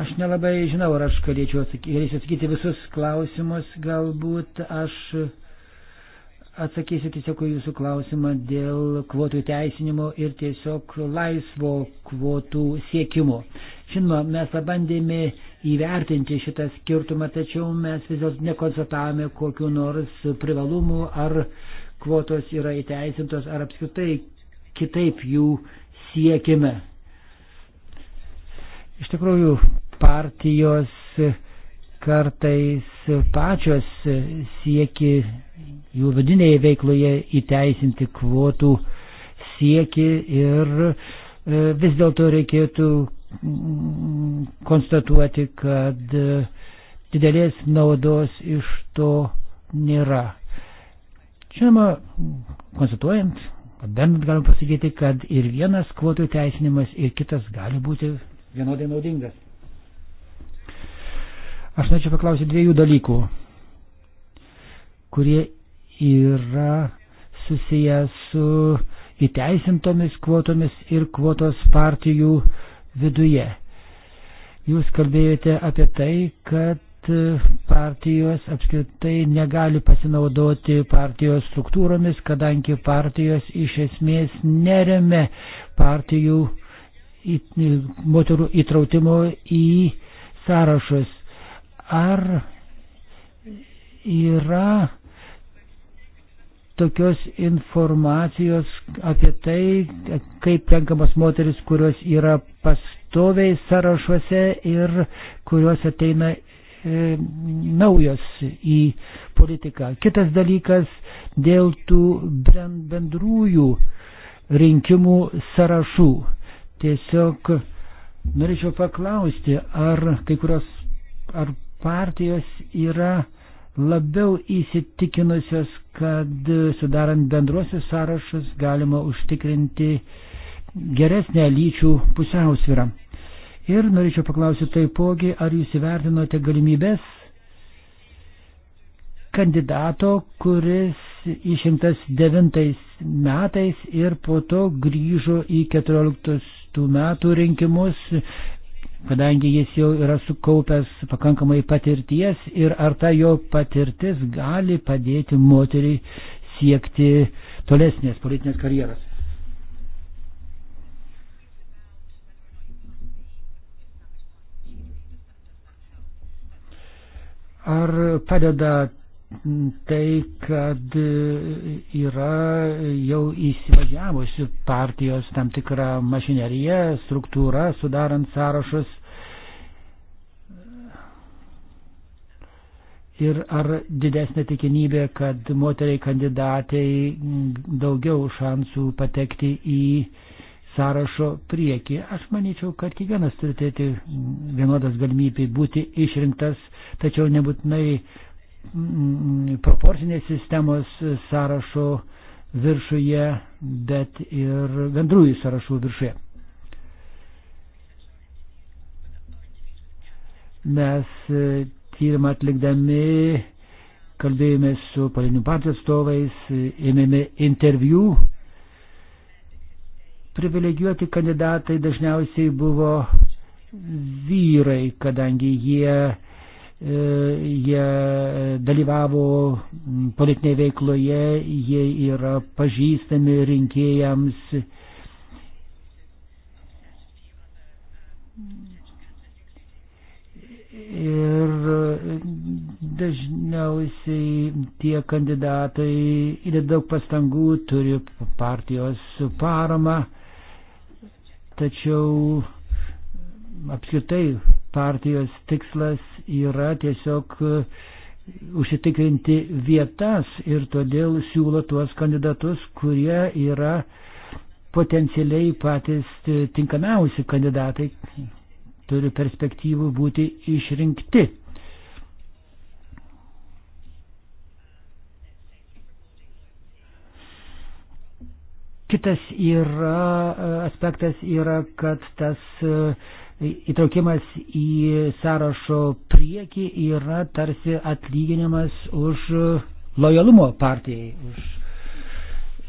Aš nelabai žinau, ar aš galėčiau atsakyti, galėčiau atsakyti visus klausimus, galbūt aš Atsakysiu tiesiog jūsų klausimą dėl kvotų teisinimo ir tiesiog laisvo kvotų siekimo. Žinoma, mes pabandėme įvertinti šitą skirtumą, tačiau mes vis dėlto nekonstatavome kokiu nors privalumu, ar kvotos yra įteisintos, ar apskritai kitaip jų siekime. Iš tikrųjų, partijos kartais pačios sieki jų vidinėje veikloje įteisinti kvotų sieki ir e, vis dėlto reikėtų mm, konstatuoti, kad e, didelės naudos iš to nėra. Žinoma, konstatuojant, bent galim pasakyti, kad ir vienas kvotų teisinimas, ir kitas gali būti vienodai naudingas. Aš norėčiau paklausyti dviejų dalykų, kurie yra susiję su įteisintomis kvotomis ir kvotos partijų viduje. Jūs kalbėjote apie tai, kad partijos apskritai negali pasinaudoti partijos struktūromis, kadangi partijos iš esmės neremia partijų moterų įtrautimo į sąrašus ar yra tokios informacijos apie tai, kaip renkamas moteris, kurios yra pastoviai sąrašuose ir kurios ateina e, naujos į politiką. Kitas dalykas dėl tų bendrųjų rinkimų sąrašų. Tiesiog norėčiau paklausti, ar kai kurios, ar partijos yra labiau įsitikinusios, kad sudarant bendruosius sąrašus galima užtikrinti geresnę lyčių pusiausvyrą. Ir norėčiau paklausyti taipogi, ar jūs įvertinote galimybės kandidato, kuris išimtas devintais metais ir po to grįžo į keturioliktus tų metų rinkimus, kadangi jis jau yra sukaupęs pakankamai patirties ir ar ta jo patirtis gali padėti moteriai siekti tolesnės politinės karjeros. Ar padeda tai, kad e, yra jau įsivažiavusi partijos tam tikra mašinerija, struktūra, sudarant sąrašus. Ir ar didesnė tikimybė, kad moteriai kandidatai daugiau šansų patekti į sąrašo priekį. Aš manyčiau, kad kiekvienas turi turėti vienodas galimybė būti išrinktas, tačiau nebūtinai Mm, proporcinės sistemos sąrašo viršuje, bet ir bendrųjų sąrašų viršuje. Mes e, tyrimą atlikdami kalbėjome su politinių partijų atstovais, ėmėme interviu. Privilegijuoti kandidatai dažniausiai buvo vyrai, kadangi jie E, jie dalyvavo politinėje veikloje, jie yra pažįstami rinkėjams. Ir dažniausiai tie kandidatai įdeda daug pastangų, turi partijos paramą, tačiau apskritai partijos tikslas yra tiesiog e, užsitikrinti vietas ir todėl siūlo tuos kandidatus, kurie yra potencialiai patys e, tinkamiausi kandidatai, turi perspektyvų būti išrinkti. Kitas yra, e, aspektas yra, kad tas uh, įtraukimas į sąrašo priekį yra tarsi atlyginimas už lojalumo partijai, už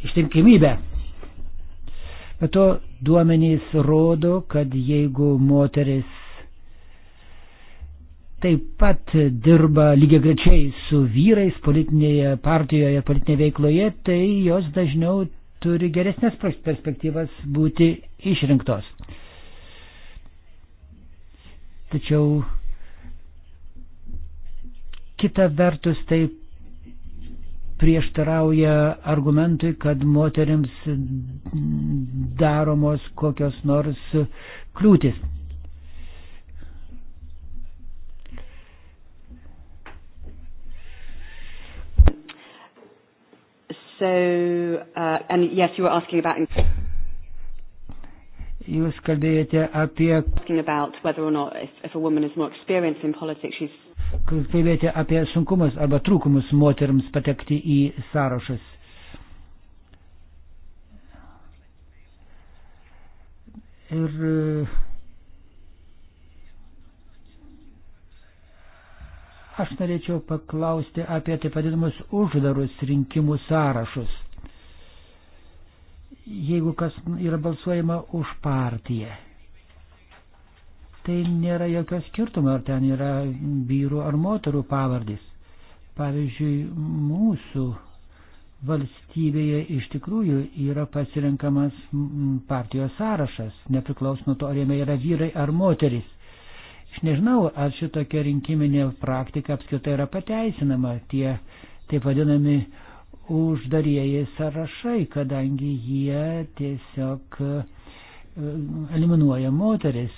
ištikimybę. Bet to duomenys rodo, kad jeigu moteris taip pat dirba lygiai grečiai su vyrais politinėje partijoje, politinėje veikloje, tai jos dažniau turi geresnės perspektyvas būti išrinktos. Tačiau kita vertus tai prieštarauja argumentui, kad moteriams daromos kokios nors kliūtis. So, uh, and yes, you were asking about. Jūs kalbėjote apie. Kalbėjote apie sunkumus arba trūkumus moteriams patekti į sąrašus. Ir e, aš norėčiau paklausti apie taip vadinamus uždarus rinkimų sąrašus jeigu kas yra balsuojama už partiją. Tai nėra jokio skirtumo, ar ten yra vyrų ar moterų pavardys. Pavyzdžiui, mūsų valstybėje iš tikrųjų yra pasirinkamas partijos sąrašas, nepriklaus nuo to, ar jame yra vyrai ar moteris. Aš nežinau, ar šitokia rinkiminė praktika apskritai yra pateisinama, tie taip vadinami uh, uždarieji sąrašai, kadangi jie tiesiog e, eliminuoja moteris.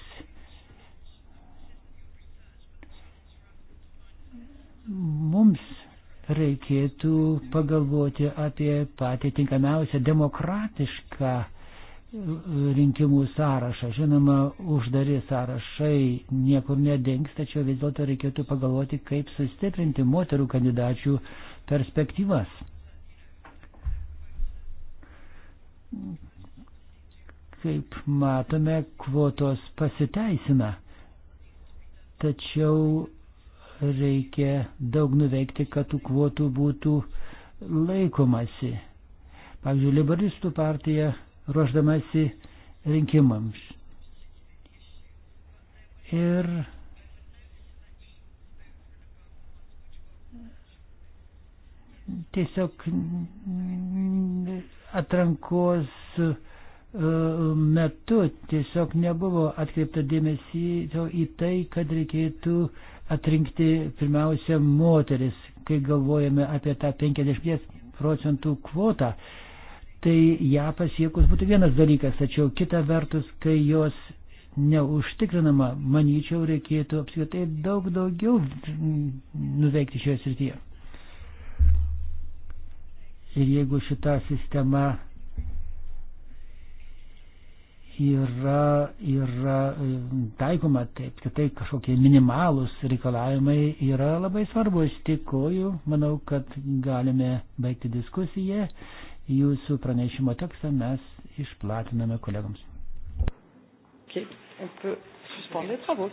Mums reikėtų pagalvoti apie patį tinkamiausią demokratišką e, rinkimų sąrašą. Žinoma, uždari sąrašai niekur nedings, tačiau vis dėlto reikėtų pagalvoti, kaip sustiprinti moterų kandidačių perspektyvas. Kaip matome, kvotos pasiteisina, tačiau reikia daug nuveikti, kad tų kvotų būtų laikomasi. Pavyzdžiui, liberalistų partija ruoždamasi rinkimams. Ir tiesiog atrankos e, metu tiesiog nebuvo atkreipta dėmesį į tai, kad reikėtų atrinkti pirmiausia moteris, kai galvojame apie tą 50 procentų kvotą. Tai ją pasiekus būtų vienas dalykas, tačiau kita vertus, kai jos neužtikrinama, manyčiau, reikėtų apskritai daug daugiau nuveikti šioje srityje. Ir jeigu šita sistema yra, yra e, taikoma taip, kad tai kažkokie minimalūs reikalavimai yra labai svarbu. Iš tikrųjų, manau, kad galime baigti diskusiją. Jūsų pranešimo tekstą mes išplatiname kolegams. Okay.